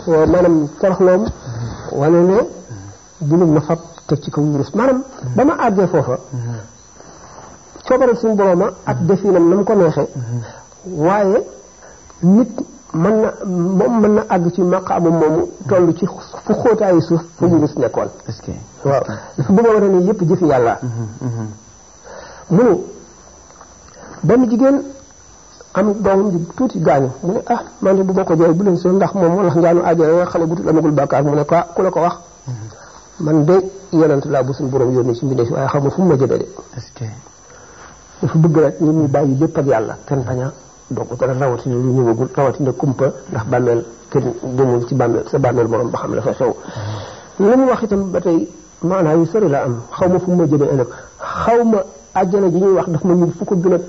euh, maanaam toroxloom wane ne bu ma fab teg ci kaw wurus maanaam ba ma àggee foofa coobare suñu borooma ak definam na mu ko neexee waaye nit mën na àgg ci maqaamu moomu toll ci fu xóotaayu suuf fu yunus nekkoon bu ma war a ne yàlla mm-hmm, mm-hmm. mu nu benn jigéen am doomam ji tuuti gaañu mu ne ah man de bu ma ko jooy bu leen seen ndax moom moo tax njaanu aajo xale bu tuuti amagul bàkkaar mu ne ko ah, ku la ko wax mm-hmm. man de yonent laa bu suñu borom yónni ci mbindeef waaye xam nga fu mu ma jëmee de dafa bëgg rek ñun ñu bàyyi lépp ak yàlla kenn bañ a dogg dara rawatina kumpa ndax bàmmeel kenn demul ci bàmmeel sa bàmmeel borom ba xam la fa xew mm-hmm. li mu wax itam ba tey maanaa yu sori am xaw ma fu mu ma jëmee ëllëg xaw ma àjjana ji ñuy wax daf ma ñun fu ko gën a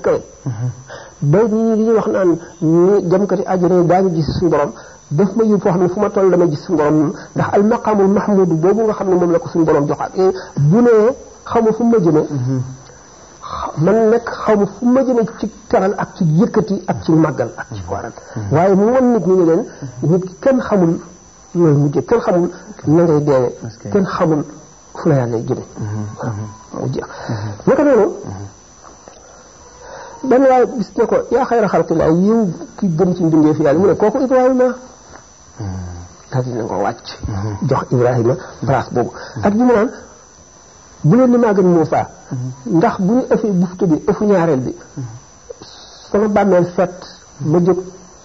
ba ñii li ñuy wax naan ñu jëmkati àjjana daañu gis suñu borom daf ma yóbbu foo xam ne fu ma toll dama gis suñu borom ndax al maqaamul mahmud boobu nga xam ne moom la ko suñu borom joxaat eh, bu nee xaw ma fu ma jëmee xaw ma fu ma ci teral ak ci yëkkati ak ci màggal ak ci waral waaye mu won nit ñi ne leen nit kenn xamul loolu mujjee kenn xamul na ngay deewee kenn xamul fu la yàlla jëmee mm-hmm. waaw mu jeex mm-hmm. noonu mm-hmm. benn waaye gis ne ko yaa xayra xalqillah yow ki gën ci mbindeef yàlla mu ne kooku Ibrahima. daal mu naan bu gën Muusa ndax bu ñu ëffee buftu bi ëffu ñaareel bi. sama bàmmeel fet ma jóg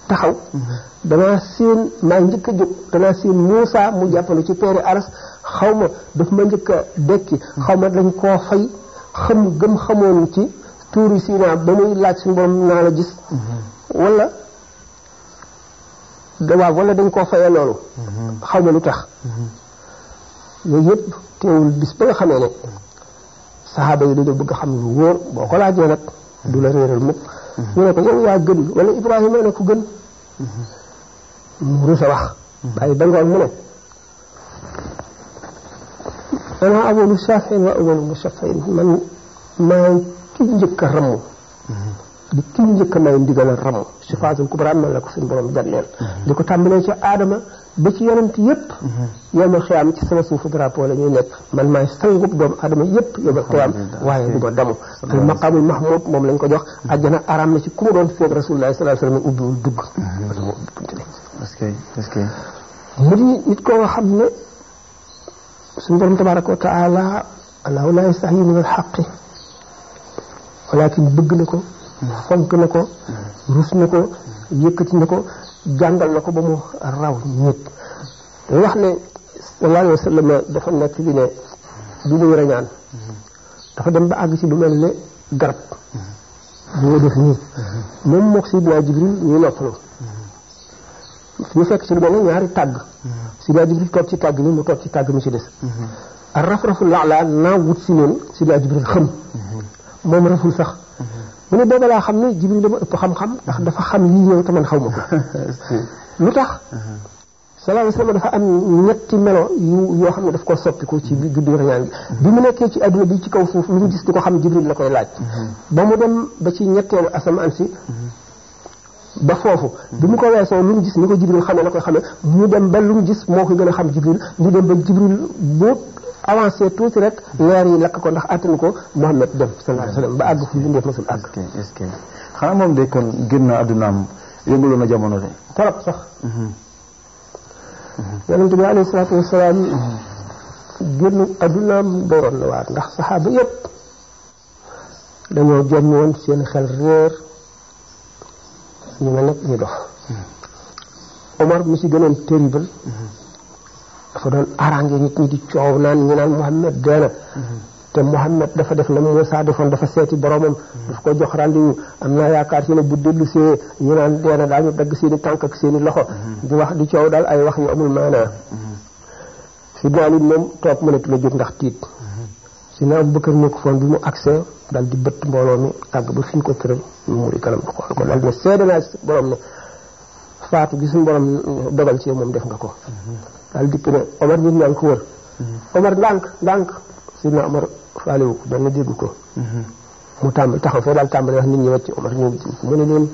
taxaw. danaa seen maa njëkk a jóg danaa seen Muusa mu jàppale ci peeri aras xaw ma daf ma njëkk a dekki. xaw ma dañ koo fay xam gëm xamoon ci. tuuru Sina ba muy laaj suñu borom naa la gis. wala da waaw wala dañ koo fayee loolu. xaw lu tax. yooyu yëpp teewul bis ba nga saxaaba yi dañoo bëgg a xam lu wóor boo ko laajee du la réeral mukk. ñu ne ko yow yaa gën wala Ibrahima ne ku gën. mu rus a wax. waaye mu ne. ana awwalu shaafi'in wa awwalu mushaffi'in man maay. ki njëkk a ramm di ki njëkk a may ndigal a ramm sifaatul kubra am na la ko suñu borom jagleel di ko tàmbalee ci aadama ba ci yonent yëpp yowmal xiyaam ci sama suufu drapeau la a nekk man maay sangub doomu aadama yëpp yowmal xiyaam waaye du ma damu al maqaamul mahmud moom lañ ko jox mm-hmm. àjjana araam na ci ku mu doon feeg rasulullah sallallahu alayhi wasallam ubbiwul dugg wala mu ubbi buntu parce que parce que mu di nit koo xam ne suñu borom wa taala allahu la yastahi min al xaqi walakin bëgg na ko fonk na ko rus na ko yëkkati na ko jàngal na ko ba mu raw ñëpp te wax ne sallallahu alayhi wa sallam dafa nekk li ne du ñu war dafa dem ba àgg ci lu mel ne garab bu nga def nii moom mook Sidina Jibril ñuy noppalu ñu fekk ci lu mel ne ñaari tàgg Sidina Jibril toog ci tàgg ni mu toog ci tàgg mi ci des raf-rafu laalaa naa wut si noonu Sidina Jibril xam moom rasul sax mhm. mu ne booba laa xam ne jibril dama ëpp xam-xam ndax dafa xam lii ñëw te xaw ma ko *laughs* lu tax mhm. sallallahu alayhi dafa am ñetti melo yoo xam ne daf ko soppiku ci juddu rañaan bi mhm. bi mu nekkee ci àdduna bi ci kaw suuf lu mu la koy laaj ba mu dem ba ci ñetteelu asamaan si ba foofu bi mu ko weesoo lu mu gis ni ko jibril xamee la koy xamee ñu dem ba lu mu gis moo ko gën a xam jibril mu dem ba jibril boo avancé tuuti rek leer yi lakk ko ndax attanu ko Muhammad dem ba àgg fu mbindeef mosul àgg. est-ce que est xanaa moom de kon génn addunaam yëngaloo na jamono de. trop sax. Mhm. Mhm. yonente bi alayhi salaatu wasalaam na waar ndax saxaaba yëpp dañoo jommi woon seen xel réer ñu ne nag ñu dox. Mhm. Omar mu si gënoon terrible. dafa doon arrangé nit ñi di coow naan ñu naan Muhammad dee na te Muhammad dafa def la Moussa defoon dafa seeti boromam daf ko jox rendez-vous am naa yaakaar ci ne bu dellu see naan dee na daañu dagg seeni tànk ak seen loxo di wax di coow daal ay wax yu amul maanaa Sidna Ali moom toog mënatu la jóg ndax tiit Sidna Abubakar nekk foon bi mu accès dal di bët mbooloo mi àgg ba fi ñu ko tëral mu muri kanam ko xool ko dal ne seede naa borom gi suñu borom dogal def nga ko daal dikk na Omar ñun ñaa ngi ko wër. Mm-hmm. Omar ndànk ndànk Seydina Omar faalewu ko benn dégg ko. mu tàmbali taxaw fee daal tàmbali wax nit ñi wàcc Omar ñoom mu ne leen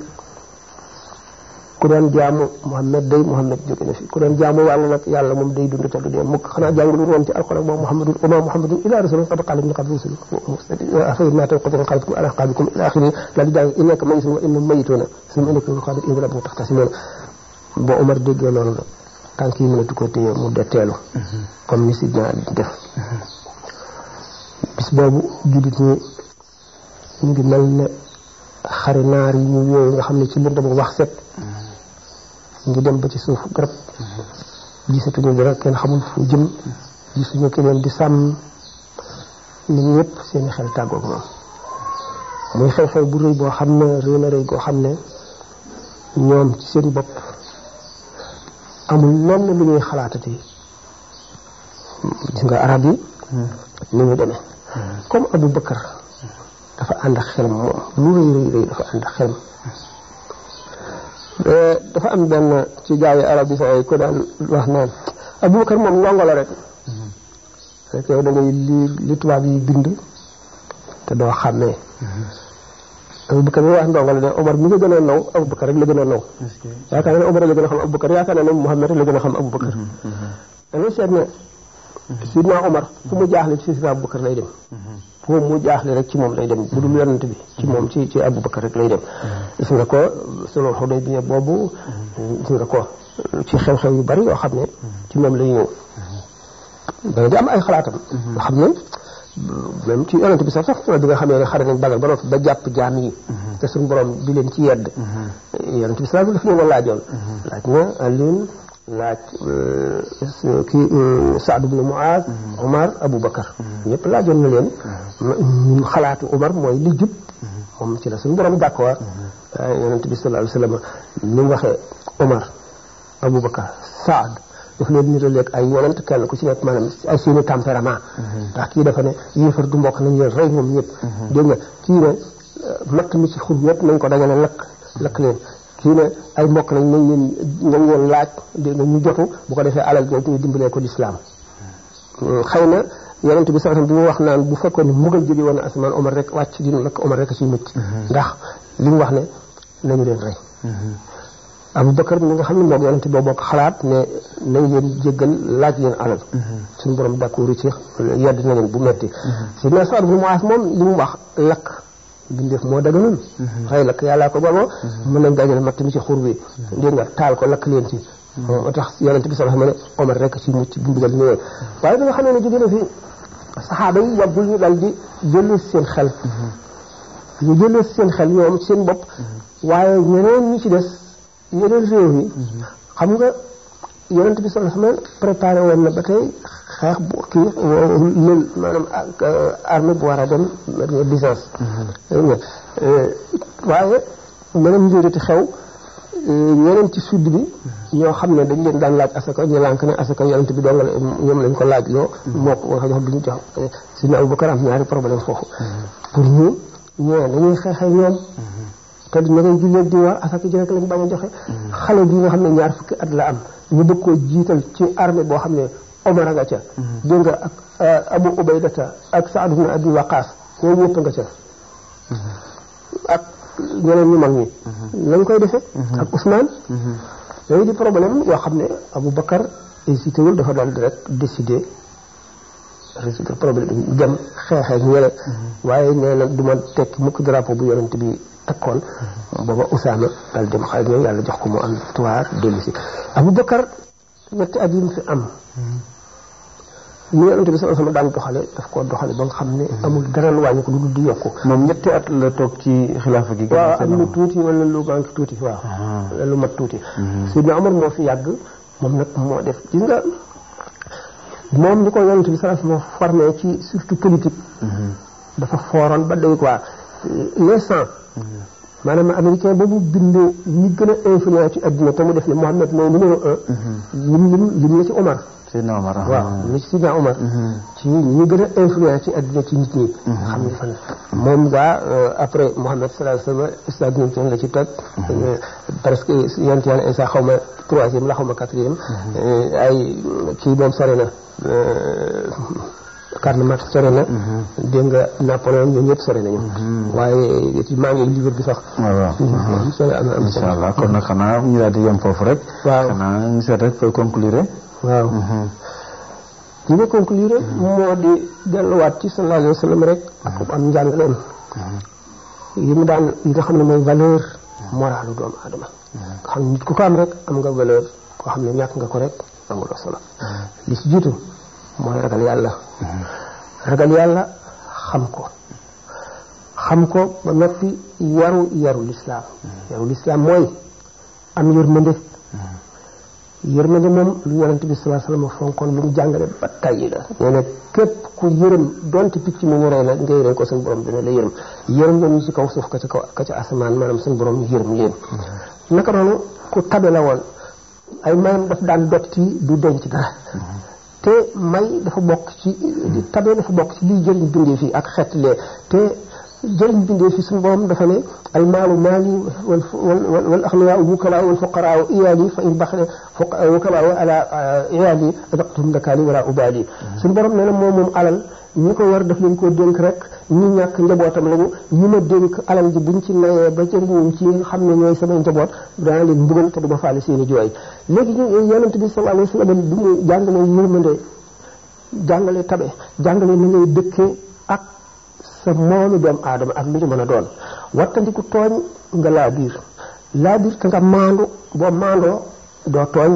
ku doon jaamu Mouhamed day Mouhamed jóge na fi ku doon jaamu wàll nag yàlla moom day dund te du dee mukk xanaa jàngul woon ci alxuraan moom Mouhamedou Oma Mouhamedou ila rasul qad qaala min qabli rusul afay ma tanqudu anqalabikum ala aqabikum ila axiri daal di jàng innaka mayitun wa innahum mayituna summa innaka bi qaadir ila rabbika taxtasimuun ba Omar déggee loolu la tànk yi mënatu ko téye mu detteelu mhm. comme ni si dina def bis boobu jullit ñi ñu ngi mel ne xari naar yi ñu yooyu nga xam ne ci lëndam wax set ngi mhm. dem ba ci suuf garab mhm. gisatuñu dara kenn xamul fu jëm gisuñu keneen di sàmm nit ñëpp seeni xel tàggoog moom muy xew-xew bu rëy boo xam ne rëy na rëy goo xam ne ñoom ci seen bopp amul lenn lu ñuy xalaatati gis nga arab yi ni ñu demee comme Abu dafa ànd ak moom lu rëy rëy dafa ànd ak xelam am benn ci gars yi arab yi sax ko daan wax naan Abu Bakar moom ndongo la rek rek yow da ngay lii li tubaab yi bind te doo xàmmee Abubakar mi wax nga a naw la gën a a xam Abubakar a xam Abubakar mm-hmm, mm-hmm. danga seet ne mm-hmm. Sidna Omar fu mu jaaxle ci Sidna Abubakar lay mu jaaxle rek ci moom lay dem bu dul bi moom ci ci Abubakar rek lay dem gis nga ko solo xuday bi boobu gis nga ko ci xew-xew yu bari yoo xam ne ci moom lay ñëw danga di am ay xalaatam yoo xam ne même ci yonent bi sax sax bi nga xamee ne xare nañ Badar ba noppi ba jàpp jaam yi mhm. te suñu leen ci yedd mhm. yonent bi sax daf leen a laajoon mhm. laaj na euh, euh, ñëpp laajoon na leen ñun xalaatu mooy li moom ci la suñu borom d'accord a bi sallallahu alayhi wa sallam ni mu waxee Omar Aboubacar Saad daf leen niraleeg ay yonent kenn ko ci nekk maanaam ay seeni tempérament ndax kii dafa ne yéefar du mbokk nañ leen rey ñoom ñëpp dégg nga kii ne euh, matt mi ci xur yëpp nañ ko dajale lakk lakk leen kii ne ay mbokk lañ nañ leen laaj dégg nga ñu jotu bu ko defee alal jooju ñu dimbalee ko lislaam xëy na yonent bi sax bi mu wax naan bu fekkee ne mbugal jóge woon asamaan Omar rek wàcc dina lakk Omar rek a ciy mucc ndax li mu wax ne nañu leen rey Aboubacar mi nga xam ne moog yonent boo bokk xalaat ne nañ leen jéggal laaj leen alal mhm. suñu borom d'accord ci yedd na leen bu metti mhm. si na Saad moom li mu wax lakk bindeef moo daganul mhm. xëy lakk yàllaa ko babo mën nañ dajale matt mi ci xur bi dégg nga taal ko lakk leen ci ma tax yonent bi sax a ne Omar rek ci mucc bu mbugal ñëwee waaye da nga xam ne ne jóge na fi saxaaba yi seen xel ñu jëlee seen ci des yeneen réew yi xam nga yonent bi sallallahu alayhi wasallam préparé woon na ba tey xeex bu kii lël maanaam euh, bu war a dem Byzance euh, waaye maanaam njuriti xew euh, ñeneen ci sud bi ñoo xam ne dañ leen daan laaj asaka ñu lànk ne asaka yonent bi dong la ñoom lañ ko laaj loo moo ko wax jox bi ñu jox si na Abubakar ñaari problème foofu mm-hmm. pour ñu ñee dañuy xeexee ñoom mm-hmm. te ña ngay julleeg di wax asaka ji rek lañ bañ a joxe xale bi nga xam ne ñaar fukki at la am ñu bëgg jiital ci armée boo xam ne Omar nga ca mm-hmm. dégg nga ak euh, Abu Ubaydata ak Saad ibn Abi Waqaas ñooñu ñëpp nga ca mm-hmm. ak ñeneen ñu mag ñi mm-hmm. lañ koy defee ak Ousmane yooyu di problème yoo xam ne Abu Bakar hésité wul dafa daal di rek décider résoudre problème dem xeexee ñële waaye nee na du ma tekki mukk drapeau bu yonent bi takkoon booba Usaama daal dem xare ñëw yàlla jox ko mu am victoire dellu si Abu Bakar ñetti at yi mu fi am ñu yonent koo doxale ba xam ne amul dara lu wàññi ko lu dul di at la toog ci xilaafa gi waaw am lu tuuti wala lu tuuti waaw ah. lu mat tuuti mm-hmm. Seydina Omar moo fi yàgg moom nag moo def gis moom ni ko yonent bi sallallahu alayhi wasallam formé ci surtout politique mm-hmm. dafa fooroon ba day quoi l'instant maanaam américain boobu bindee ñi gën a influent ci adduna te mu def ne Mohamed mooy numéro un lim lim lim na ci Omar Sidna Omar waaw ah. li ci Sidna Omar ci ñi gën a influent ci adduna ci nit ñi xam moom gaa euh, après Mohamed sallallahu alayhi ci toj presque yonent yàlla Isa xaw ma troisième la xaw ma mhm. euh, ay kii moom sore na euh, Karl Marx sore na. Mhm. dégg nga Napoléon ñoom ñëpp sore nañu. Mhm. waaye maa ngi livre bi sax. Ah, waaw waaw mhm. incha allah kon nag xanaa ñu daal di yem foofu rek. waaw xanaa ñu seet rek koy conclure. waaw. li nga conclure. moo di delluwaat ci sallallahu alayhi wa sallam rek. ak am njàngaleem. yi mu daan yi nga xam ne mooy valeur. moralu doomu aadama. nga xam nit ku ko am rek am nga valeur koo xam ne ñàkk nga ko rek amuloo solo. li ci jiitu. mooy ragal yàlla ragal yàlla xam ko xam ko ba noppi yaru yaru lislaam yaru lislaam mooy am yërmande yërmande moom lu yonent bi sallallahu alayhi wasallam fonkoon lu mu jàngale ba tàyyi la nee na képp ku yërëm donte picc mu mu la nga yërëm ko seen borom dina la yërëm yërëm leen ci kaw suuf ka ca kaw ka ca asamaan maanaam seen borom yërëm leen naka noonu ku tabe la woon ay mayam daf daan dotti du denc dara te may dafa bokk ci tabe dafa bokk ci liy jëriñ bindee fii ak xeetlee te jëriñ bindee fi suñu borom dafa ne al maalu maali wal wal wal axniyaa wukalaa wal fuqaraa iyaali fa in baxle wukalaa iyaali adaqtum ndakaali wala ubaali suñu borom nee na moom moom alal ñi ko war daf leen ko dénk rek ñu ñàkk njabootam lañu ñu ma dénk alal ji buñ ci layee ba jëriñuñ ci xam ne ñooy samay njaboot dana leen mbugal te i jooy léegi ñu yonent bi sallallahu alayhi wa sallam tabe jàngale ni ngay ak sa moomu doomu aadama ak lu ñu a doon wattandiku tooñ nga laa biir laa nga maandu boo maandoo doo tooñ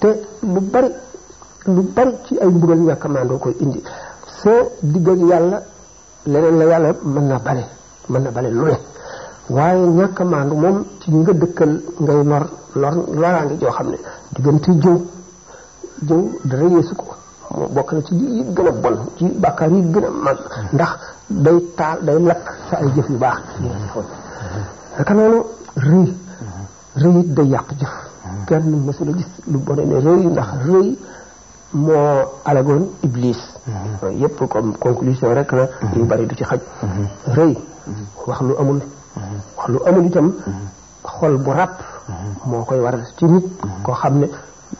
te lu bari lu bari ci ay mbugal ñàkk a maandoo koy indi soo diggal yàlla leneen la yàlla mën na bale mën na bale lu ne waaye ñàkk maandu moom ci ñi nga dëkkal ngay lor lor loraange joo xam ne diggante jëw jëw dara yeesu ko moo bokk na ci lii gën a bon ci bàkkaar yi gën a mag ndax day taal day lakk sa ay jëf yu baax naka noonu rëy rëy it day yàq jëf kenn mësula gis lu bone ne rëy ndax rëy moo alagoon iblis yépp comme conclusion rek la yu bari du ci xaj rëy wax lu amul wax lu amul itam xol bu ràpp moo koy waral ci nit koo xam ne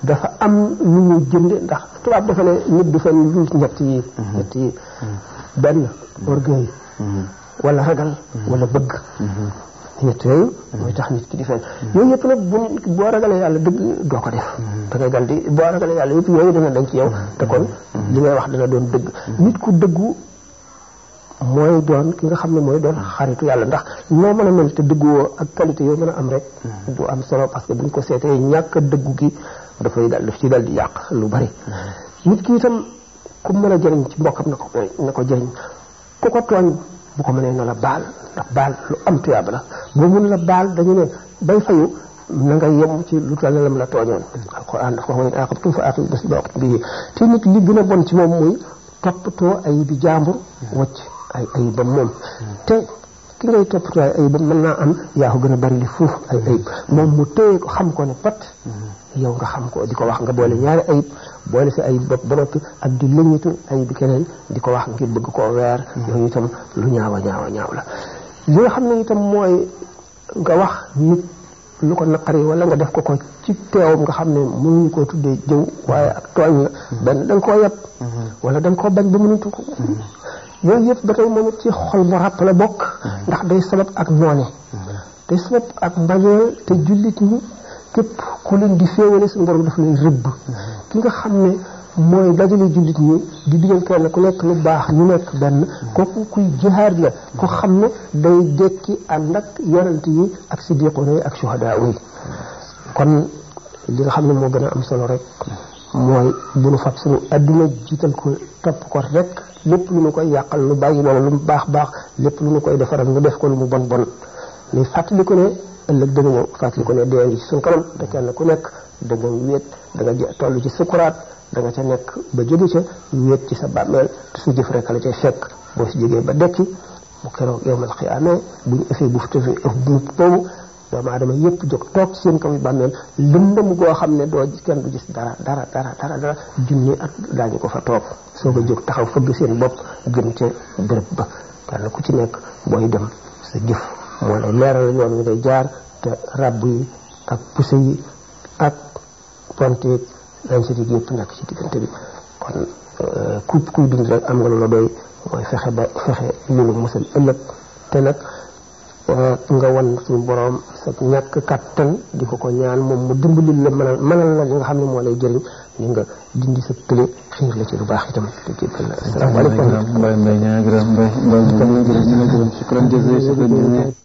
dafa am nu muy jënde ndax tubaab dafa ne nit du fen lu ñett yi mhm. ñett yi mhm. benn orgueil mhm. wala ragal wala bëgg ñett yooyu mooy tax nit ki di fen yooyu yëpp nag bu nit boo ragalee yàlla dëgg doo ko def da ngay gal di boo ragalee yàlla yëpp yooyu dana dañ ci yow te kon li ngay wax dana doon dëgg nit ku dëggu mooy doon ki nga xam ne mooy doon xaritu yàlla ndax loo mën a mel te dëgguwoo ak qualité yoo mën a am rek du am solo parce que bu buñ ko seetee ñàkk a dëggu gi dafay daal daf ciy daal di yàq lu bari. nit ki itam ku ma a jëriñ ci mbokkam na ko na ko jëriñ ko tooñ bu ko mënee na la baal ndax baal lu am tuyaaba la boo mun la baal dañu ne bay fayu na nga yem ci lu toll lam la tooñoon. alquran daf ko wax ne aqabtum fa aatu bis ba waqt bii te nit li gën bon ci moom muy toppatoo ay bi jàmbur. wàcc ay ay ba moom te. ki ngay toppatoo ay ayibam mën naa am yaa ko gën a bari li fuuf ay ayib moom mu téye ko xam ko ne pat yow nga xam ko di ko wax nga boole ñaari ayib boole sa ayib ak di lëñatu ayib di ko wax ngir bëgg koo weer yooyu itam lu ñaawa ñaawa ñaaw la li xam ne itam mooy nga wax nit lu ko naqari wala nga def ko ko ci teewam nga xam ne mënuñu koo tuddee jëw waaye ak tooñ la benn da nga koo yab mm-hmm. wala da nga koo bañ ba mënutu ko mm-hmm. yooyu yëpp ba tey moom it ci xol mu ràpp la bokk mm-hmm. ndax day sabab ak noone mm-hmm. day sabab ak mbañeel te jullit ñi képp ku leen di féewale suñu borom daf lay rëbb mm-hmm. ki nga xam ne mooy dajale jullit ñi di digal kenn ku nekk lu baax ñu nekk benn kooku kuy jihaad la ku xam ne day jekki ànd ak yonent yi ak siddiqoon yi ak shuhadaa yi kon li nga xam ne moo gën a am solo rek mooy bu nu fab suñu adduna jiital ko topp ko rek lépp lu nu koy yàqal lu bàyyi loolu lu mu baax baax lépp lu nu koy defaral mu def ko lu mu bon bon li fàttali ko ne ëllëg dana ñëw fàttali ko ne dee ngi ci suñu kanam te kenn ku nekk da nga wéet da nga toll ci sukuraat da nga ca nekk ba jóge ca wéet ci sa bàmmeel te su jëf rek la cay fekk boo si jógee ba dekki mu keroog yow mal xiyaamee bu ñu effet bu fi tëfee ëf boobu ma aadama yépp jóg toog seen kaw yi bàmmeel lëndëm goo xam ne doo kenn du gis dara dara dara dara dara junni at daañu ko fa toog soo ko jóg taxaw fëgg seen bopp jëm ca bërëb ba kenn ku ci nekk booy dem sa jëf moo lay leeral yoon wi ngay jaar te ràbb yi ak puso yi ak ponte yi lañsitig yépp nekk kon euh, ku kuy dund rek am nga lu la fexe ba fexe lu la musal ëllëg te nag nga wan suñu borom sa ñàkk kàttan di ko ko ñaan moom mu dimbali la mënal mënal la li nga xam ne moo lay jëriñ li nga dindi sa tële xiir la ci lu baax itam. asalaamaaleykum Mbaye Mbaye ñaa ngi gërëm Mbaye Mbaye ñaa ngi gërëm